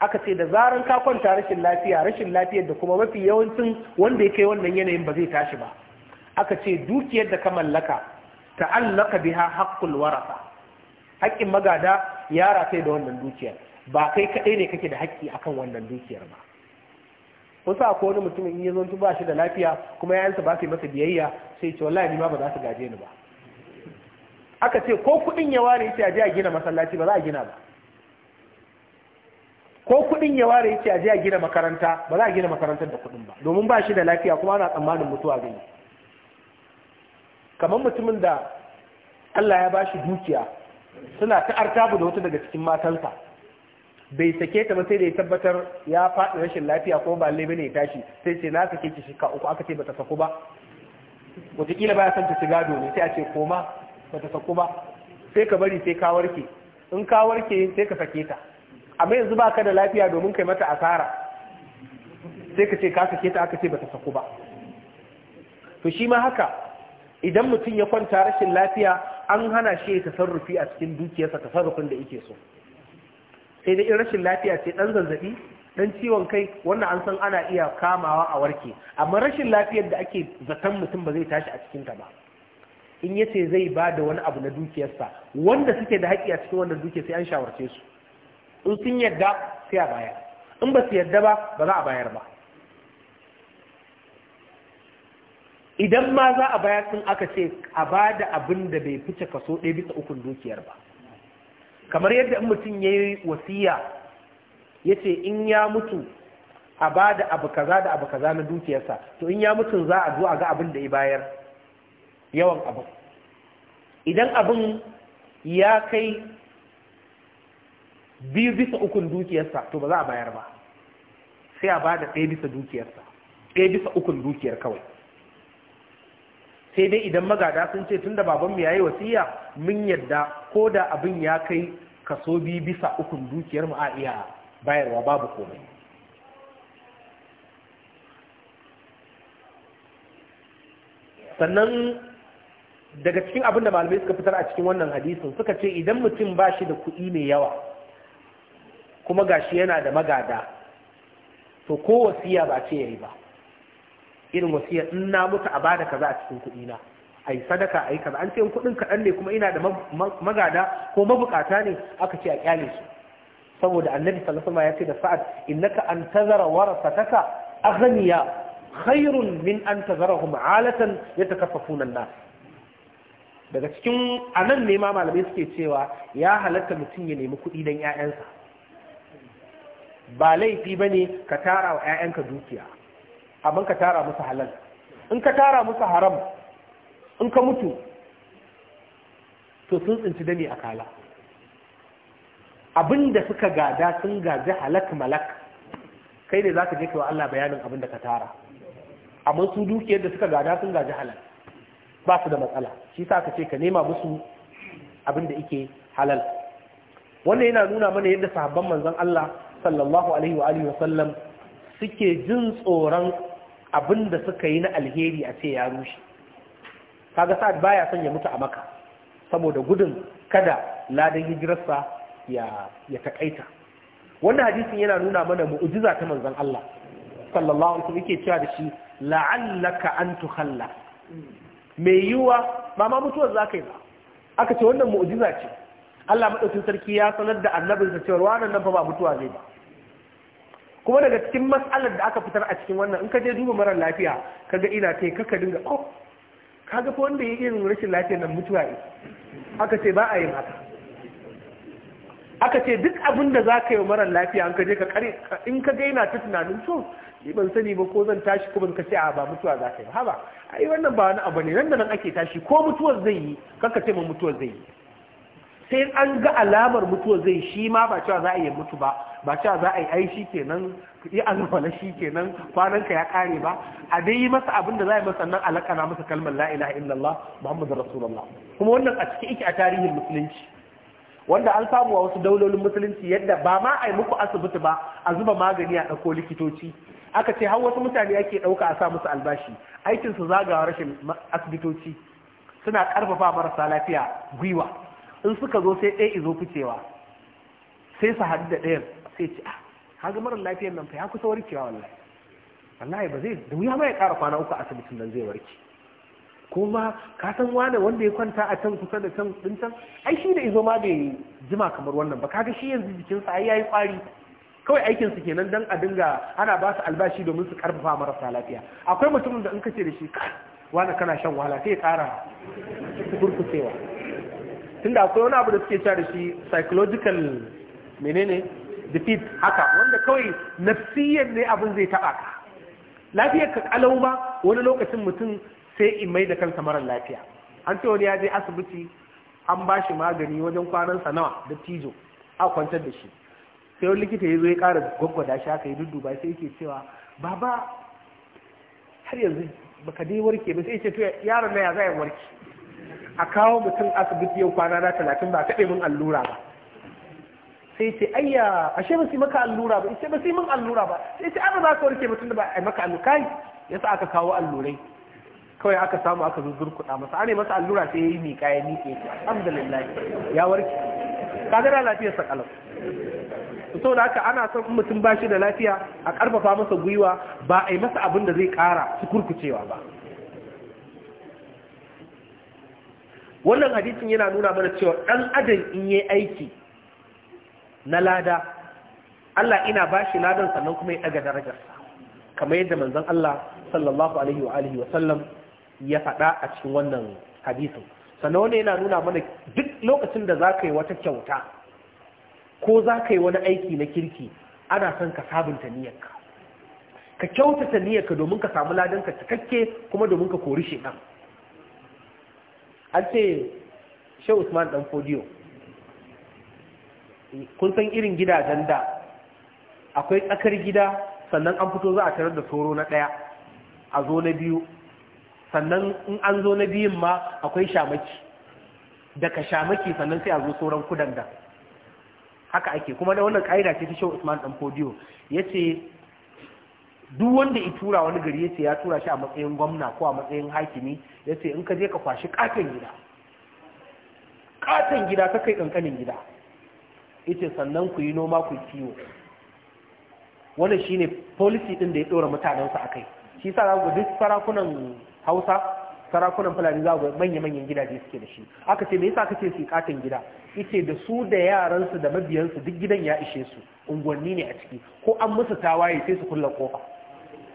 aka ce da zarar ka kwanta rashin lafiya rashin lafiyar da kuma mafi yawancin wanda ya kai wannan yanayin ba zai tashi ba aka ce dukiyar da ka mallaka ta'allaka biha haqqul warasa haƙƙin magada ya rataye da wannan dukiyar ba kai kaɗai ne kake da haƙƙi akan wannan dukiyar ba Kusa ko wani mutum in ya zontu ba shi da lafiya kuma yayansa ba su masa biyayya sai ce wallahi ma ba za su gaje ni ba aka ce ko kuɗin ya ware sai a je a gina masallaci ba za a gina ba ko kuɗin ya ware yake a a gina makaranta ba za a gina makarantar da kuɗin ba domin ba shi da lafiya kuma ana tsammanin mutuwa gani kamar mutumin da Allah ya ba shi dukiya suna ta artabu da wata daga cikin matansa bai sake ta ba sai da ya tabbatar ya faɗi rashin lafiya ko ba lebe ne ya tashi sai ce na sake ki shika uku aka ce bata saku ba wataƙila ba ya san ta shiga domin sai a ce koma ta saku ba sai ka bari sai ka warke in ka warke sai ka sake ta amma yanzu ba ka da lafiya domin kai mata asara sai ka ce ka sake ta aka ce ba ta saku ba to shi ma haka idan mutum ya kwanta rashin lafiya an hana shi ya tasarrufi a cikin dukiyarsa tasarrufin da yake so sai da in rashin lafiya ce dan zanzabi, dan ciwon kai wannan an san ana iya kamawa a warke amma rashin lafiyar da ake zaton mutum ba zai tashi a cikin ta ba in yace zai bada wani abu na dukiyarsa wanda suke da haƙi a cikin wannan dukiyar sai an shawarce su in sun yadda sai a bayar in ba su yadda ba ba za a bayar ba idan ma za a bayar sun aka ce a ba da abin da bai fice kaso ɗaya bisa ukun dukiyar ba kamar yadda in mutum ya yi wasiya ya ce in ya mutu a ba da abu kaza da abu kaza na dukiyarsa to in ya mutu za a zo a ga abin da ya bayar yawan abin idan abin ya kai biyu bisa ukun dukiyarsa to ba za a bayar ba sai a ba da ɗaya bisa dukiyarsa ɗaya bisa ukun dukiyar kawai sai dai idan magada sun ce tun da babanmu ya yi wasiya mun yadda ko da abin ya kai kaso biyu bisa ukun dukiyar mu a iya bayarwa babu komai sannan daga cikin abin da malamai suka fitar a cikin wannan hadisin suka ce idan mutum ba shi da kuɗi mai yawa kuma gashi yana da magada to ko wasiya ba ce yayi ba irin wasiya in na mutu a bada kaza a cikin kuɗi na ai sadaka ai kaza an ce kuɗin kaɗan ne kuma ina da magada ko mabukata ne aka ce a kyale su saboda annabi sallallahu alaihi ya ce da sa'ad innaka antazara warasataka aghniya khairun min an tazarahum alatan yatakaffafuna an daga cikin anan ne ma malamai suke cewa ya halatta mutum ya nemi kuɗi don 'ya'yansa ba laifi ba ne ka tara wa 'ya'yanka dukiya abin ka tara musu halal in ka tara musu haram in ka mutu to sun tsinci da ne a kala abin da suka gada sun gaji halak malak kai ne za ka je kai wa Allah bayanin abin da ka tara amma su dukiyar da suka gada sun gaji halal ba su da matsala shi sa ka ce ka nema musu abin da ike halal wannan yana nuna mana yadda sahabban manzon Allah sallallahu alaihi wa alihi wasallam suke jin tsoron abin da suka yi na alheri a ce ya rushe kaga sa'ad baya son ya mutu a maka saboda gudun kada ladan hijirarsa ya ya takaita wannan hadisin yana nuna mana mu'jiza ta manzon Allah sallallahu alaihi wasallam yake cewa da shi la'allaka an tukhalla me yiwa ba ma mutuwar zaka yi ba aka ce wannan mu'jiza ce Allah madaukakin sarki ya sanar da annabinsa cewa wannan nan fa ba mutuwa zai ba kuma daga cikin matsalar da aka fitar a cikin wannan in ka je duba mara lafiya ka ga ina ta yi, kaka dinga oh ka ga fa wanda ya irin rashin lafiya nan mutuwa ne aka ce ba a yin haka aka ce duk abin da za ka yi mara lafiya in ka je ka kare in ka ga ina ta tunanin to ni ban sani ba ko zan tashi ko ban kace a ba mutuwa za ka yi ba haba ai wannan ba wani abu ne nan da nan ake tashi ko mutuwar zai yi kaka ce ma mutuwar zai yi sai an ga alamar mutuwa zai shi ma ba cewa za a yi mutu ba ba cewa za a yi ai shi kenan yi alwala shi kenan kwanan ka ya kare ba a dai yi masa abin da za a yi masa nan alakana masa kalmar la ilaha illallah muhammadu rasulullah kuma wannan a cikin iki a tarihin musulunci wanda an samu a wasu daulolin musulunci yadda ba ma a yi muku asibiti ba a zuba magani a ɗauko likitoci aka ce har wasu mutane ake ɗauka a sa musu albashi aikinsu zagawa rashin asibitoci suna ƙarfafa marasa lafiya gwiwa in suka zo sai ɗaya izo ficewa sai su haɗu da ɗayan sai ce A ah, kaga marar lafiyar nan fa ya kusa warkewa wallahi wallahi ba zai da wuya ma ya ƙara kwana uku a asibitin nan zai warke kuma ka san wane wanda ya kwanta a can kusa da can ɗin can ai shi da izo ma bai jima kamar wannan ba kaga shi yanzu jikinsa ai yayi kwari kawai aikin su kenan dan a dinga ana ba su albashi domin su karfafa marasa lafiya akwai mutumin da in ce da shi wane kana shan wahala sai ya ƙara kurkusewa tunda akwai wani abu da suke cewa da shi psychological menene defeat haka wanda kawai nafsiyan ne abin zai taba ka lafiyar ka kalau ba wani lokacin mutum sai in mai da kansa marar lafiya an ce wani ya je asibiti an ba shi magani wajen kwanan sa nawa da tijo a kwantar da shi sai wani likita ya zo ya kara gwaggwada shi haka ya dudduba sai yake cewa baba har yanzu baka dai warke ba sai ce to yaron na ya za ya warke a kawo mutum asibiti yau kwana na talatin ba kaɗe min allura ba sai ce ayya ashe ba su maka allura ba ce ba su min allura ba sai ce an za ka warke mutum da ba a maka allura kai sa aka kawo allurai kawai aka samu aka zuzzur kuɗa masa ane masa allura sai ya yi miƙa ya miƙe alhamdulillah ya warke ka ga lafiyar sa kalau so da haka ana son mutum ba shi da lafiya a ƙarfafa masa gwiwa ba a yi masa abin da zai ƙara su kurkucewa ba wannan hadisin yana nuna mana cewa ɗan adam in yi aiki na lada Allah ina ba shi ladan sannan kuma ya ɗaga darajarsa kamar yadda manzon Allah sallallahu alaihi wa alihi wa sallam ya faɗa a cikin wannan hadisin sannan wannan yana nuna mana duk lokacin da za ka yi wata kyauta ko za ka yi wani aiki na kirki ana son ka sabunta niyyarka ka kyautata niyarka domin ka samu ladanka cikakke kuma domin ka kori ɗan. an ce shi usman dan fodiyo kun san irin gidajen da akwai tsakar gida sannan an fito za a tarar da tsoro na ɗaya a zo na biyu sannan in an zo na biyun ma akwai shamaki daga shamaki sannan sai a zo sauran kudan da haka ake kuma da wannan ƙa'ida ce ta shi usman dan fodiyo ya duk wanda ya tura wani gari yace ya tura shi a matsayin gwamna ko a matsayin hakimi yace in ka je ka kwashi katon gida katon gida ka kai kankanin gida yace sannan ku yi noma ku kiwo wannan shine policy din da ya dora mutanen a kai, shi sa za ku duk sarakunan Hausa sarakunan Fulani za ku manya-manyan gidaje suke da shi aka ce me yasa kace su yi katon gida yace da su da yaransu da mabiyansu duk gidan ya ishe su unguwanni ne a ciki ko an musu tawaye sai su kulla kofa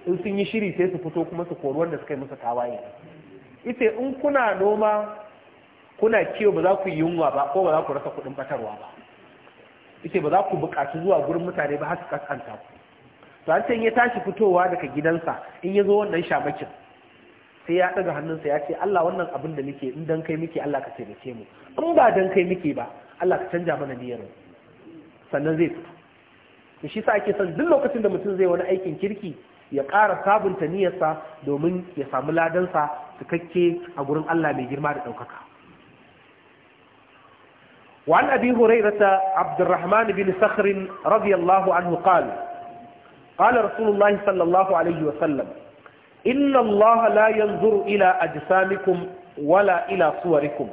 in sun yi shiri sai su fito kuma su kori wanda suka yi masa tawaye ita in kuna noma kuna kiyo ba za ku yi yunwa ba ko ba za ku rasa kuɗin batarwa ba ita ba za ku bukaci zuwa gurin mutane ba har su kaskanta ku to an can ya tashi fitowa daga gidansa in ya zo wannan shamakin sai ya ɗaga hannunsa ya ce Allah wannan abin da muke in dan kai muke Allah ka taimake mu in ba dan kai muke ba Allah ka canja mana niyyar sannan zai shi sa ake son duk lokacin da mutum zai wani aikin kirki ya ƙara sabunta niyyarsa domin ya samu ladansa cikakke a gurin Allah mai girma da ɗaukaka. وعن أبي هريرة عبد الرحمن بن صخر رضي الله عنه قال قال رسول الله صلى الله عليه وسلم إن الله لا ينظر إلى أجسامكم ولا إلى صوركم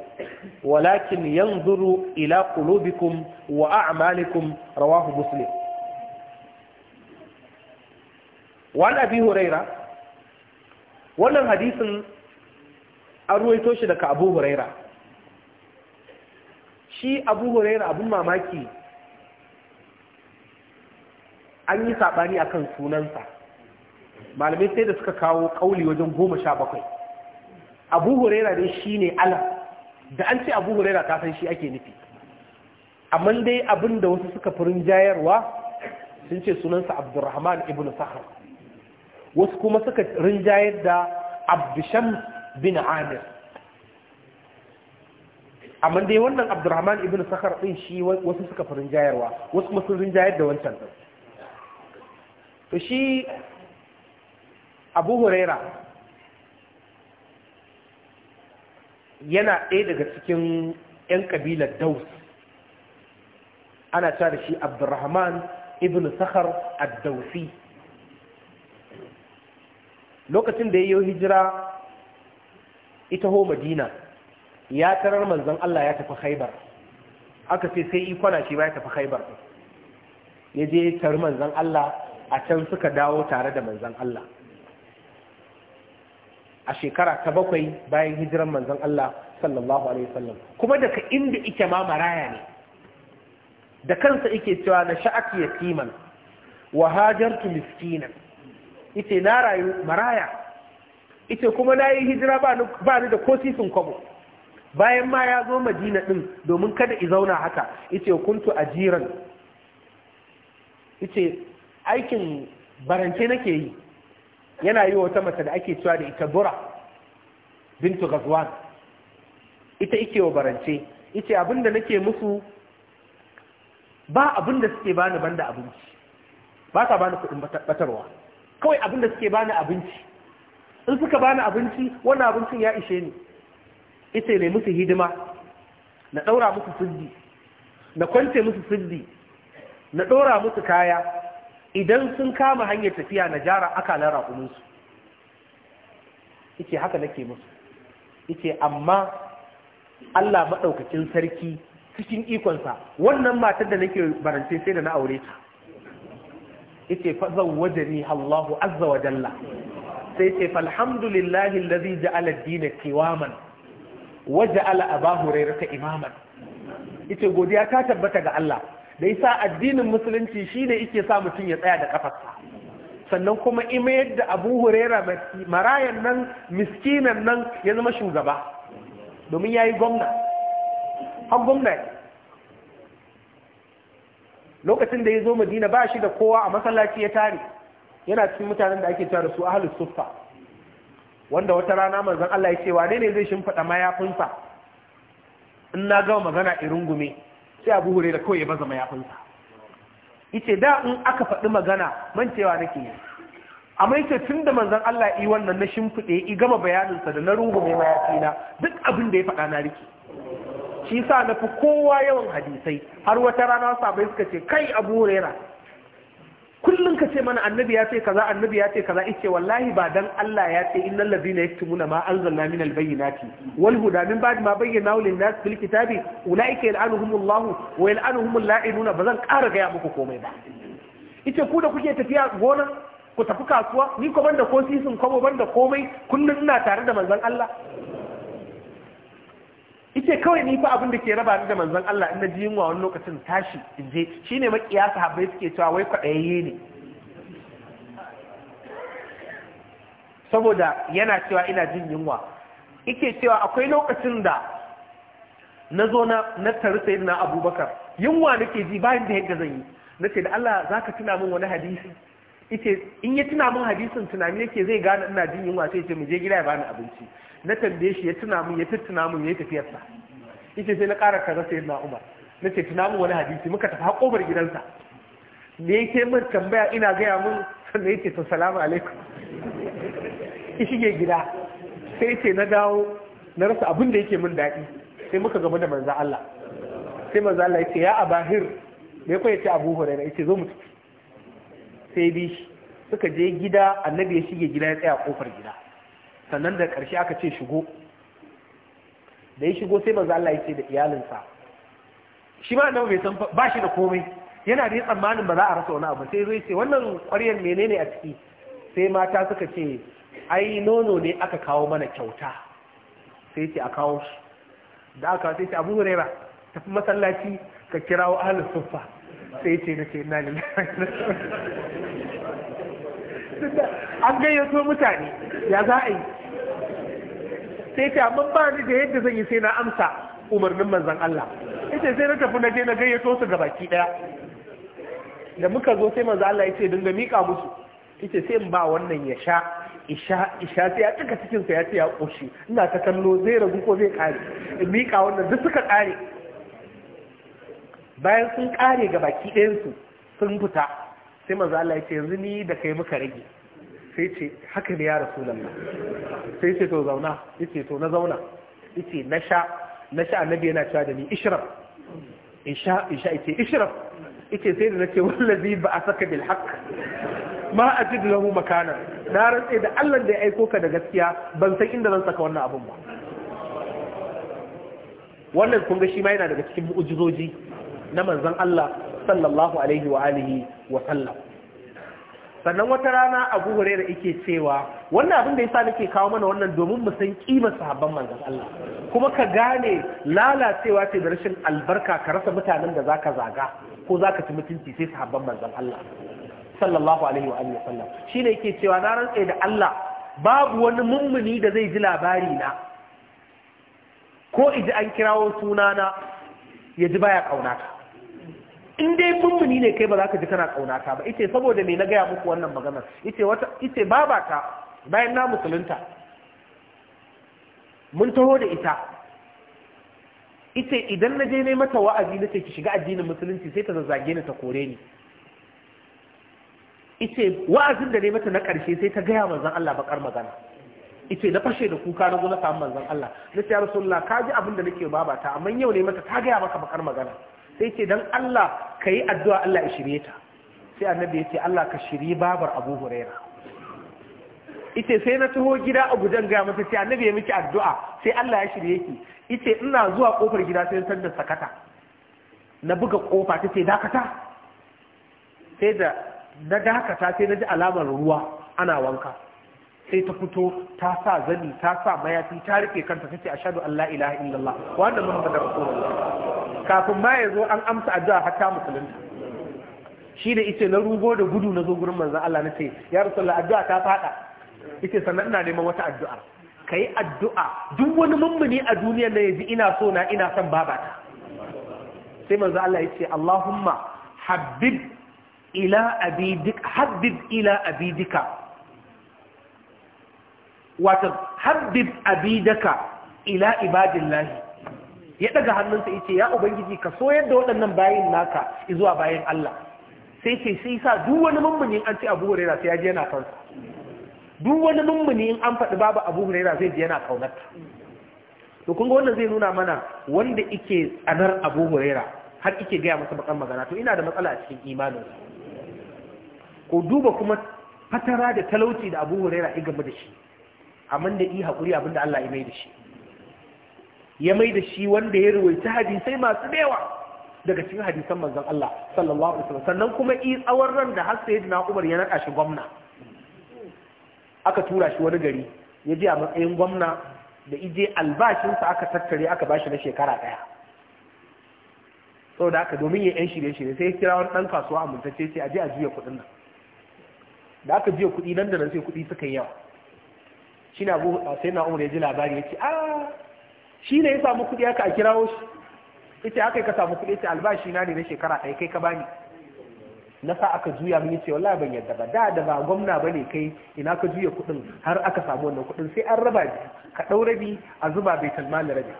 ولكن ينظر إلى قلوبكم وأعمالكم رواه مسلم wani abi huraira wannan hadisin an ruwaito shi daga abu huraira shi abu huraira abin mamaki an yi saɓani a kan sunansa malamai sai da suka kawo ƙauli wajen goma sha bakwai abu huraira dai shi ne ala da an ce abu huraira ta san shi ake nufi amma dai abin da wasu suka furin jayarwa sun ce sunansa abdurrahman ibn sahar wasu kuma suka rinjayar da abdusham bin amir amma dai wannan abdurrahman ibn sakar din shi wasu suka fi rinjayarwa wasu kuma sun rinjayar da wancan din to shi abu huraira yana ɗaya daga cikin 'yan ƙabilar daus ana cewa da shi abdurrahman ibn sakar ad-dausi lokacin da ya yi hijira ita ho madina ya tarar manzan Allah ya tafi haibar aka ce sai ikona shi ba ya tafi haibar ya je tar manzan Allah a can suka dawo tare da manzan Allah a shekara ta bakwai bayan hijiran manzan Allah sallallahu alaihi wasallam kuma daga inda ike ma maraya ne da kansa ike cewa na sha'ak yatiman wa hajartu miskinan ita na rayu maraya ita kuma na yi hijira ba ni da ko sifin kwabo bayan ma ya zo madina ɗin domin kada i zauna haka ita kuntu a jiran ita aikin barance nake yi yana yi wata mata da ake cewa da ita bura bintu gazwan ita ike wa barance ita abinda nake musu ba abinda suke bani banda abinci ba ta bani kuɗin batarwa kawai abin da suke bani abinci in suka bani abinci wannan abincin ya ishe ni ita ne musu hidima na ɗaura musu sirri na kwance musu sirri na ɗora musu kaya idan sun kama hanyar tafiya na jara akalan raƙuminsu ike haka nake musu ike amma Allah maɗaukacin sarki cikin ikonsa wannan matar da nake barance sai da na aure ta yace fa zawwajani Allahu azza wa jalla sai ce falhamdulillahi allazi ja'ala ad-din Waje wa ja'ala abahu rayrata imaman yace godiya ta tabbata ga Allah da isa addinin musulunci shine yake sa mutum ya tsaya da kafarsa sannan kuma imayar da Abu Huraira marayan nan miskinan nan ya zama shugaba domin yayi gwamna har gwamna lokacin da ya zo madina ba shi da kowa a masallaci ya tare yana cikin mutanen da ake tare su halin suffa wanda wata rana manzon Allah ya ce wane ne zai shimfida mayafinsa in na gama magana irin gume sai Abu Hurairah kawai ya baza mayafinsa yace da in aka faɗi magana cewa nake yi amma yace tunda manzon Allah yi wannan na shimfide i gama bayanin sa da na rungume mayafina duk abin da ya faɗa na rike shi sa na fi kowa yawan hadisai har wata rana sabai suka ce kai abu huraira kullum ka ce mana annabi ya ce kaza annabi ya ce kaza ice wallahi ba dan Allah ya ce innal ladina yaktumuna ma anzalna minal bayyinati wal huda min ba'd ma bayyana lin nas fil kitabi ulaika yal'anuhumullahu wa yal'anuhumul la'inuna bazan ƙara gaya muku komai ba ice ku da kuke tafiya gonan ku tafi kasuwa ni ko banda ko sisin kwabo banda komai kullum ina tare da manzon Allah Ice kawai ni fa abin da ke raba ni da manzon Allah in naji yunwa wani lokacin tashi in je shine makiya habbai suke cewa wai kwadayayye ne saboda yana cewa ina jin yunwa yake cewa akwai lokacin da na zo na na tari sayyidina Abubakar yunwa nake ji bayan da yadda zan yi ce da Allah zaka tuna min wani hadisi yace in ya tuna min hadisin tunani yake zai gane ina jin yunwa sai ya ce mu je gida ya bani abinci na tambaye shi ya tuna mun ya tuna mun yayin tafiyar sa yace sai na ƙara kaza sai na Umar nace tuna mun wani hadisi muka tafi har kofar gidansa me yake mun tambaya ina gaya mun sannan yace to salamu alaikum ki shige gida sai yace na dawo na rasa abin da yake mun daɗi sai muka gaba da manzo Allah sai manzo Allah yace ya abahir me ko yace Abu Hurairah yace zo mu sai bi suka je gida annabi ya shige gida ya tsaya kofar gida sannan da ƙarshe aka ce shigo da ya shigo sai manzo Allah ya ce da iyalinsa shi ma annabi bai san ba shi da komai yana da tsammanin ba za a rasa wani abu sai zai ce wannan ƙwaryar menene a ciki sai mata suka ce ai nono ne aka kawo mana kyauta sai ce a kawo shi da aka sai ce abu hurera tafi masallaci ka kirawo ahlus suffa sai ce na ce ina ne an gayyato mutane ya za a yi sai ce amma ba ni da yadda zan yi sai na amsa umarnin manzon Allah ita sai na tafi na je na gayyato su ga baki daya da muka zo sai manzon Allah yace dinga mika musu ita sai in ba wannan ya sha isha isha sai ya tuka cikin sa ya ce ya koshi ina ta kallo zai ragu ko zai kare in mika wannan duk suka kare bayan sun kare ga baki ɗayan su sun fita sai manzon Allah yace yanzu ni da kai muka rage sai ce haka ne ya rasulallah sai ce to zauna yace to na zauna yace na sha na sha annabi yana cewa da ni ishrab isha isha yace ishrab yace sai da nace wallazi ba saka bil haqq ma ajid lahu makana na rantsa da Allah da ya aiko ka da gaskiya ban san inda zan saka wannan abun ba wannan kun ga shi ma yana daga cikin mu'ujizoji na manzan Allah sallallahu alaihi wa alihi wa sallam sannan wata rana abu da yake cewa wannan abin da yasa nake kawo mana wannan domin mu san sahabban manzon Allah kuma ka gane lalacewa ce da rashin albarka ka rasa mutanen da zaka zaga ko zaka ci mutunci sai sahabban manzon Allah sallallahu alaihi wa alihi wasallam shine yake cewa na rantsa da Allah babu wani mummuni da zai ji labari na ko iji an kirawo sunana ya ji baya kaunata in dai mummuni ne kai ba za ka ji kana kaunata ba ita saboda me na gaya muku wannan maganar ita wata ita babata bayan na musulunta mun taho da ita ita idan na je ne mata wa'azi na ce ki shiga addinin musulunci sai ta zazzage ni ta kore ni ita wa'azin da ne mata na ƙarshe sai ta gaya manzon Allah bakar magana ita na fashe da kuka na gona samu manzon Allah na ce ya rasulullah ka ji abin da nake babata amma yau ne mata ta gaya maka bakar magana sai ce dan Allah ka yi addu'a Allah ya shirye ta sai annabi ya ce Allah ka shirye babar abu huraira ita sai na taho gida a gudan gaya mata sai annabi ya miki addu'a sai Allah ya shirye ki ita ina zuwa kofar gida sai san da sakata na buga kofa ta ce dakata sai da na dakata sai na ji alamar ruwa ana wanka sai ta fito ta sa zani ta sa mayafi ta rufe kanta ta ce ashadu an Allah ilaha illallah wanda anna rasulullah kafin ma ya zo an amsa addu'a hatta musulunta shi da ice na rugo da gudu na zo gurin manzon Allah na ce ya rasulullah addu'a ta fada ita sannan ina neman wata addu'a kai addu'a duk wani mummuni a duniyar na yaji ina so na ina son babata sai manzon Allah ya ce Allahumma habib ila abidika habib ila abidika wato habib abidaka ila ibadillahi ya daga hannunsa ya ce ya ubangiji ka so yadda waɗannan bayan naka zuwa bayan Allah sai ce sai sa duk wani mummuni an ce abu huraira sai ya je yana kansa duk wani mummuni in an faɗi babu abu huraira zai je yana kaunarta to kun ga wannan zai nuna mana wanda ike tsanar abu huraira har ike gaya masa bakan magana to ina da matsala a cikin imanin ko duba kuma fatara da talauci da abu huraira ya gama da shi amma da i haƙuri abinda Allah ya mai da shi ya mai da shi wanda ya ruwaita hadisai masu da daga cikin hadisan manzon Allah sallallahu alaihi wasallam sannan kuma i tsawon ran da har sayyidina Umar ya naka shi gwamna aka tura shi wani gari ya je a matsayin gwamna da ije albashinsa aka tattare aka bashi na shekara daya saboda haka domin ya yan shirye-shirye sai ya kira wani dan kasuwa amintacce sai a je a juya kuɗin nan da aka juya kuɗi nan da nan sai kuɗi suka yi yawa shi na sai na umar ya ji labari ya ce a ah, shi ne ya samu kuɗi haka a kirawo shi ita yi ka samu kuɗi ita albashi na ne na shekara ɗaya kai ka bani na sa aka juya mun cewa wallahi ban yadda ba da da ba gwamna bane kai ina ka juya kuɗin har aka samu wannan kuɗin sai an raba ka ɗau rabi a zuba bai talma rabi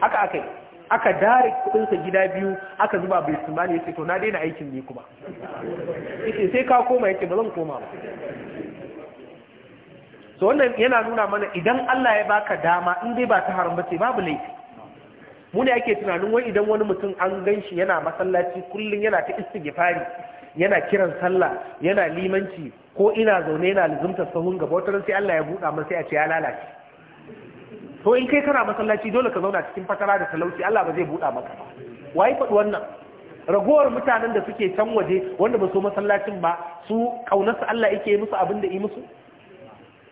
haka aka yi aka dare sa gida biyu aka zuba bai sumani ya ce to na daina aikin ne kuma sai ka koma yake ba zan koma ba so wannan yana nuna mana idan Allah ya baka dama in dai ba ta haram ba ce babu laifi mu ne ake tunanin wai idan wani mutum an gan shi yana masallaci kullum yana ta istighfari yana kiran sallah yana limanci ko ina zaune yana lizumta sahun gaba wata sai Allah ya buɗa masa a ce ya lalace to in kai kana masallaci dole ka zauna cikin fatara da talauci Allah ba zai buɗa maka ba wai faɗi wannan ragowar mutanen da suke can waje wanda ba so masallacin ba su kaunarsa Allah yake musu abin da yi musu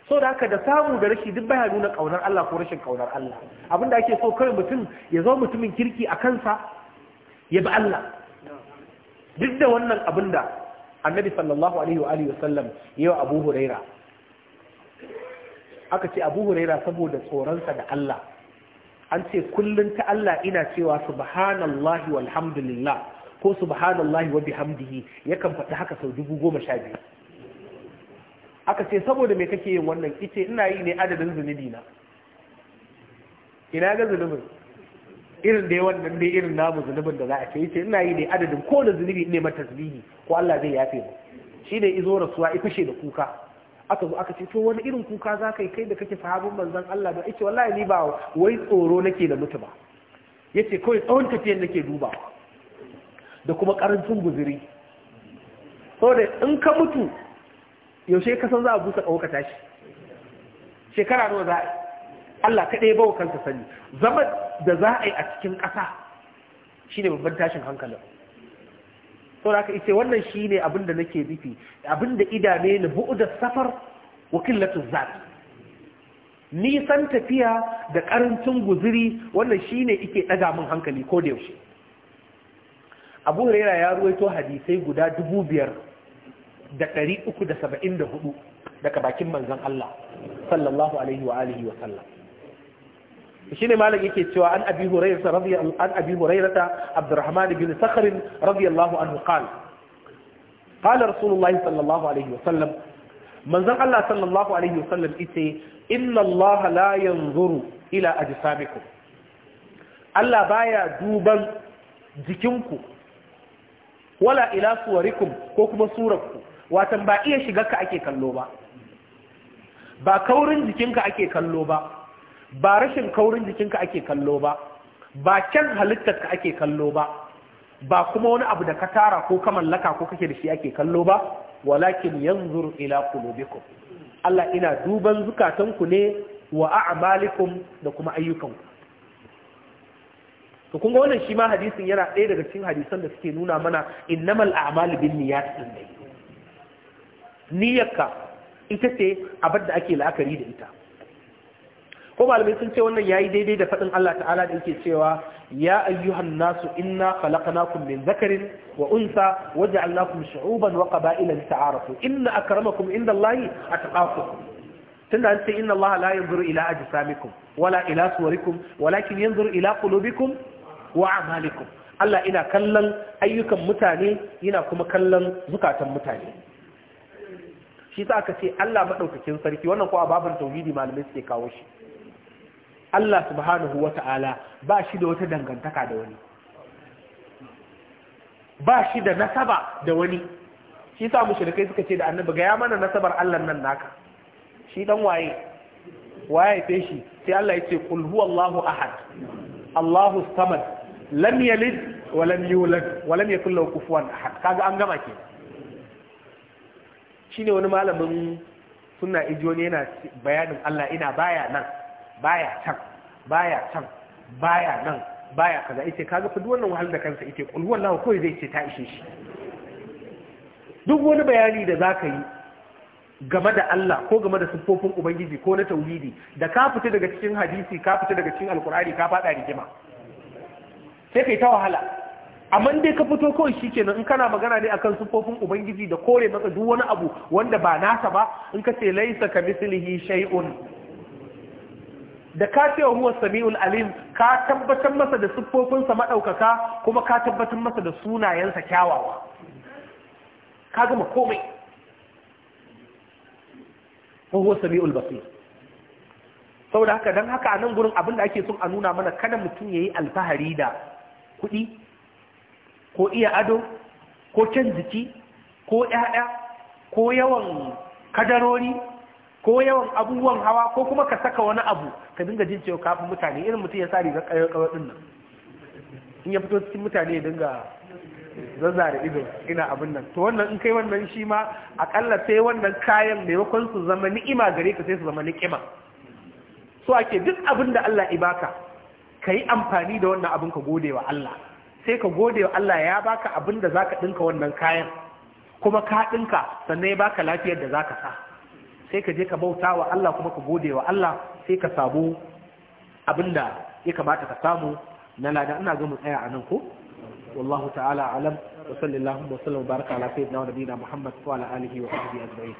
so da aka da samu da rashi duk baya nuna kaunar Allah ko rashin kaunar Allah abinda ake so kawai mutum ya zo mutumin kirki a kansa ya bi Allah duk da wannan abinda annabi sallallahu alaihi wa alihi wasallam yayi wa Abu Huraira aka ce Abu Huraira saboda tsoronsa da Allah an ce kullum ta Allah ina cewa subhanallahi walhamdulillah ko subhanallahi wa bihamdihi yakan faɗi haka sau dubu goma sha biyu aka ce saboda me kake yin wannan ice ina yi ne adadin zunubi na ina ga zunubin irin dai wannan dai irin namu zunubin da za a ce ice ina yi ne adadin ko da zunubi ne mata tasbihi ko Allah zai yafe mu shi ne izo rasuwa i fashe da kuka aka zo aka ce to wani irin kuka za ka yi kai da kake sahabin manzon Allah da ice wallahi ni ba wai tsoro nake da mutu ba yace kawai tsawon tafiyar nake dubawa da kuma karancin So saboda in ka mutu yaushe ka san za a busa ƙauka tashi shekara nawa za a Allah kaɗai bawa kanta sani zama da za a yi a cikin ƙasa shine babban tashin hankalin da aka ita wannan shine abin da nake nufi abin da idame ni da safar wa latin zafi? nisan tafiya da ƙarancin guziri wannan shine ike ɗaga min hankali ko da yaushe Abu Hurairah ya ruwaito hadisai guda dubu biyar. da ɗari uku da saba'in da hudu daga bakin manzan Allah sallallahu alaihi wa alihi wa sallam shi ne malam yake cewa an abi hurairata radiyallahu an abi hurairata abdurrahman bin sakhr radiyallahu anhu qala qala rasulullah sallallahu alaihi wa sallam manzan Allah sallallahu alaihi wa sallam yace inna Allah la yanzuru ila ajsamikum Allah baya duban jikinku wala ila suwarikum ko kuma surarku watan ba iya shigarka ake kallo ba ba kaurin jikinka ake kallo ba ba rashin kaurin jikinka ake kallo ba ba can halittarka ake kallo ba ba kuma wani abu da ka tara ko ka mallaka ko kake da shi ake kallo ba walakin yanzur ila qulubikum Allah ina duban zukatanku ne wa a'malikum da kuma ayyukanku to kun ga wannan shi ma hadisin yana ɗaya daga cikin hadisan da suke nuna mana innamal a'malu binniyat din niyyarka ita ce abin da ake la'akari da ita ko malamai sun ce wannan ya yi daidai da faɗin Allah ta'ala da yake cewa ya ayyuhan nasu inna khalaqnakum min zakarin wa unsa waja'alnakum shu'uban wa qaba'ila lita'arafu inna akramakum a atqakum tunda an ce inna Allah la yanzuru ila ajsamikum wala ila suwarikum walakin yanzuru ila qulubikum wa a'malikum Allah ina kallon ayyukan mutane yana kuma kallon zukatan mutane shi sa aka ce Allah maɗaukakin sarki wannan ko a babin tauhidi malamai suke kawo shi Allah subhanahu wa ta'ala ba shi da wata dangantaka da wani ba shi da nasaba da wani shi sa mushrikai suka ce da annabi ga ya mana nasabar Allah nan naka shi dan waye waye fe shi sai Allah ya ce qul huwallahu ahad Allahu samad lam yalid wa lam yulad wa lam yakul lahu kufuwan ahad kaga an gama kenan shine wani malamin suna ijo ne yana bayanin Allah ina baya nan baya can baya can baya nan baya kaza ita kaga fa duk wannan wahal da kansa ita kul wallahu kawai zai ce ta ishe shi duk wani bayani da zaka yi game da Allah ko game da siffofin ubangiji ko na tauhidi da ka fita daga cikin hadisi ka fita daga cikin alkur'ani ka fada rigima sai kai ta wahala amma dai ka fito kawai shikenan in kana magana ne akan sufofin ubangiji da kore masa duk wani abu wanda ba nasa ba in ka ce laisa ka mislihi shay'un da ka ce wa huwa sami'ul alim ka tabbatar masa da siffofinsa maɗaukaka kuma ka tabbatar masa da sunayensa kyawawa ka gama komai wa huwa sami'ul basir saboda haka don haka a nan gurin abin da ake son a nuna mana kada mutum ya yi alfahari da kuɗi ko iya ado ko can jiki ko ƴaƴa ko yawan kadarori ko yawan abubuwan hawa ko kuma ka saka wani abu ka dinga jin cewa kafin mutane irin mutum ya sa rigar kawai kawai din nan in ya fito cikin mutane ya dinga zazzare ido ina abin nan to wannan in kai wannan shi ma akalla sai wannan kayan maimakon su zama ni'ima gare ka sai su zama ni'ima so ake duk abin da Allah ibaka ka yi amfani da wannan abin ka gode wa Allah sai ka gode wa Allah ya baka abin da zaka dinka wannan kayan kuma ka dinka sannan ya baka lafiyar da zaka sa sai ka je ka bauta wa Allah kuma ka gode wa Allah sai ka samu abin da ya kamata ka samu na lada ina ga mu tsaya a nan ko wallahu ta'ala alam wa sallallahu wa sallam baraka ala sayyidina wa nabiyina muhammad wa ala alihi wa sahbihi ajma'in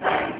Thank you.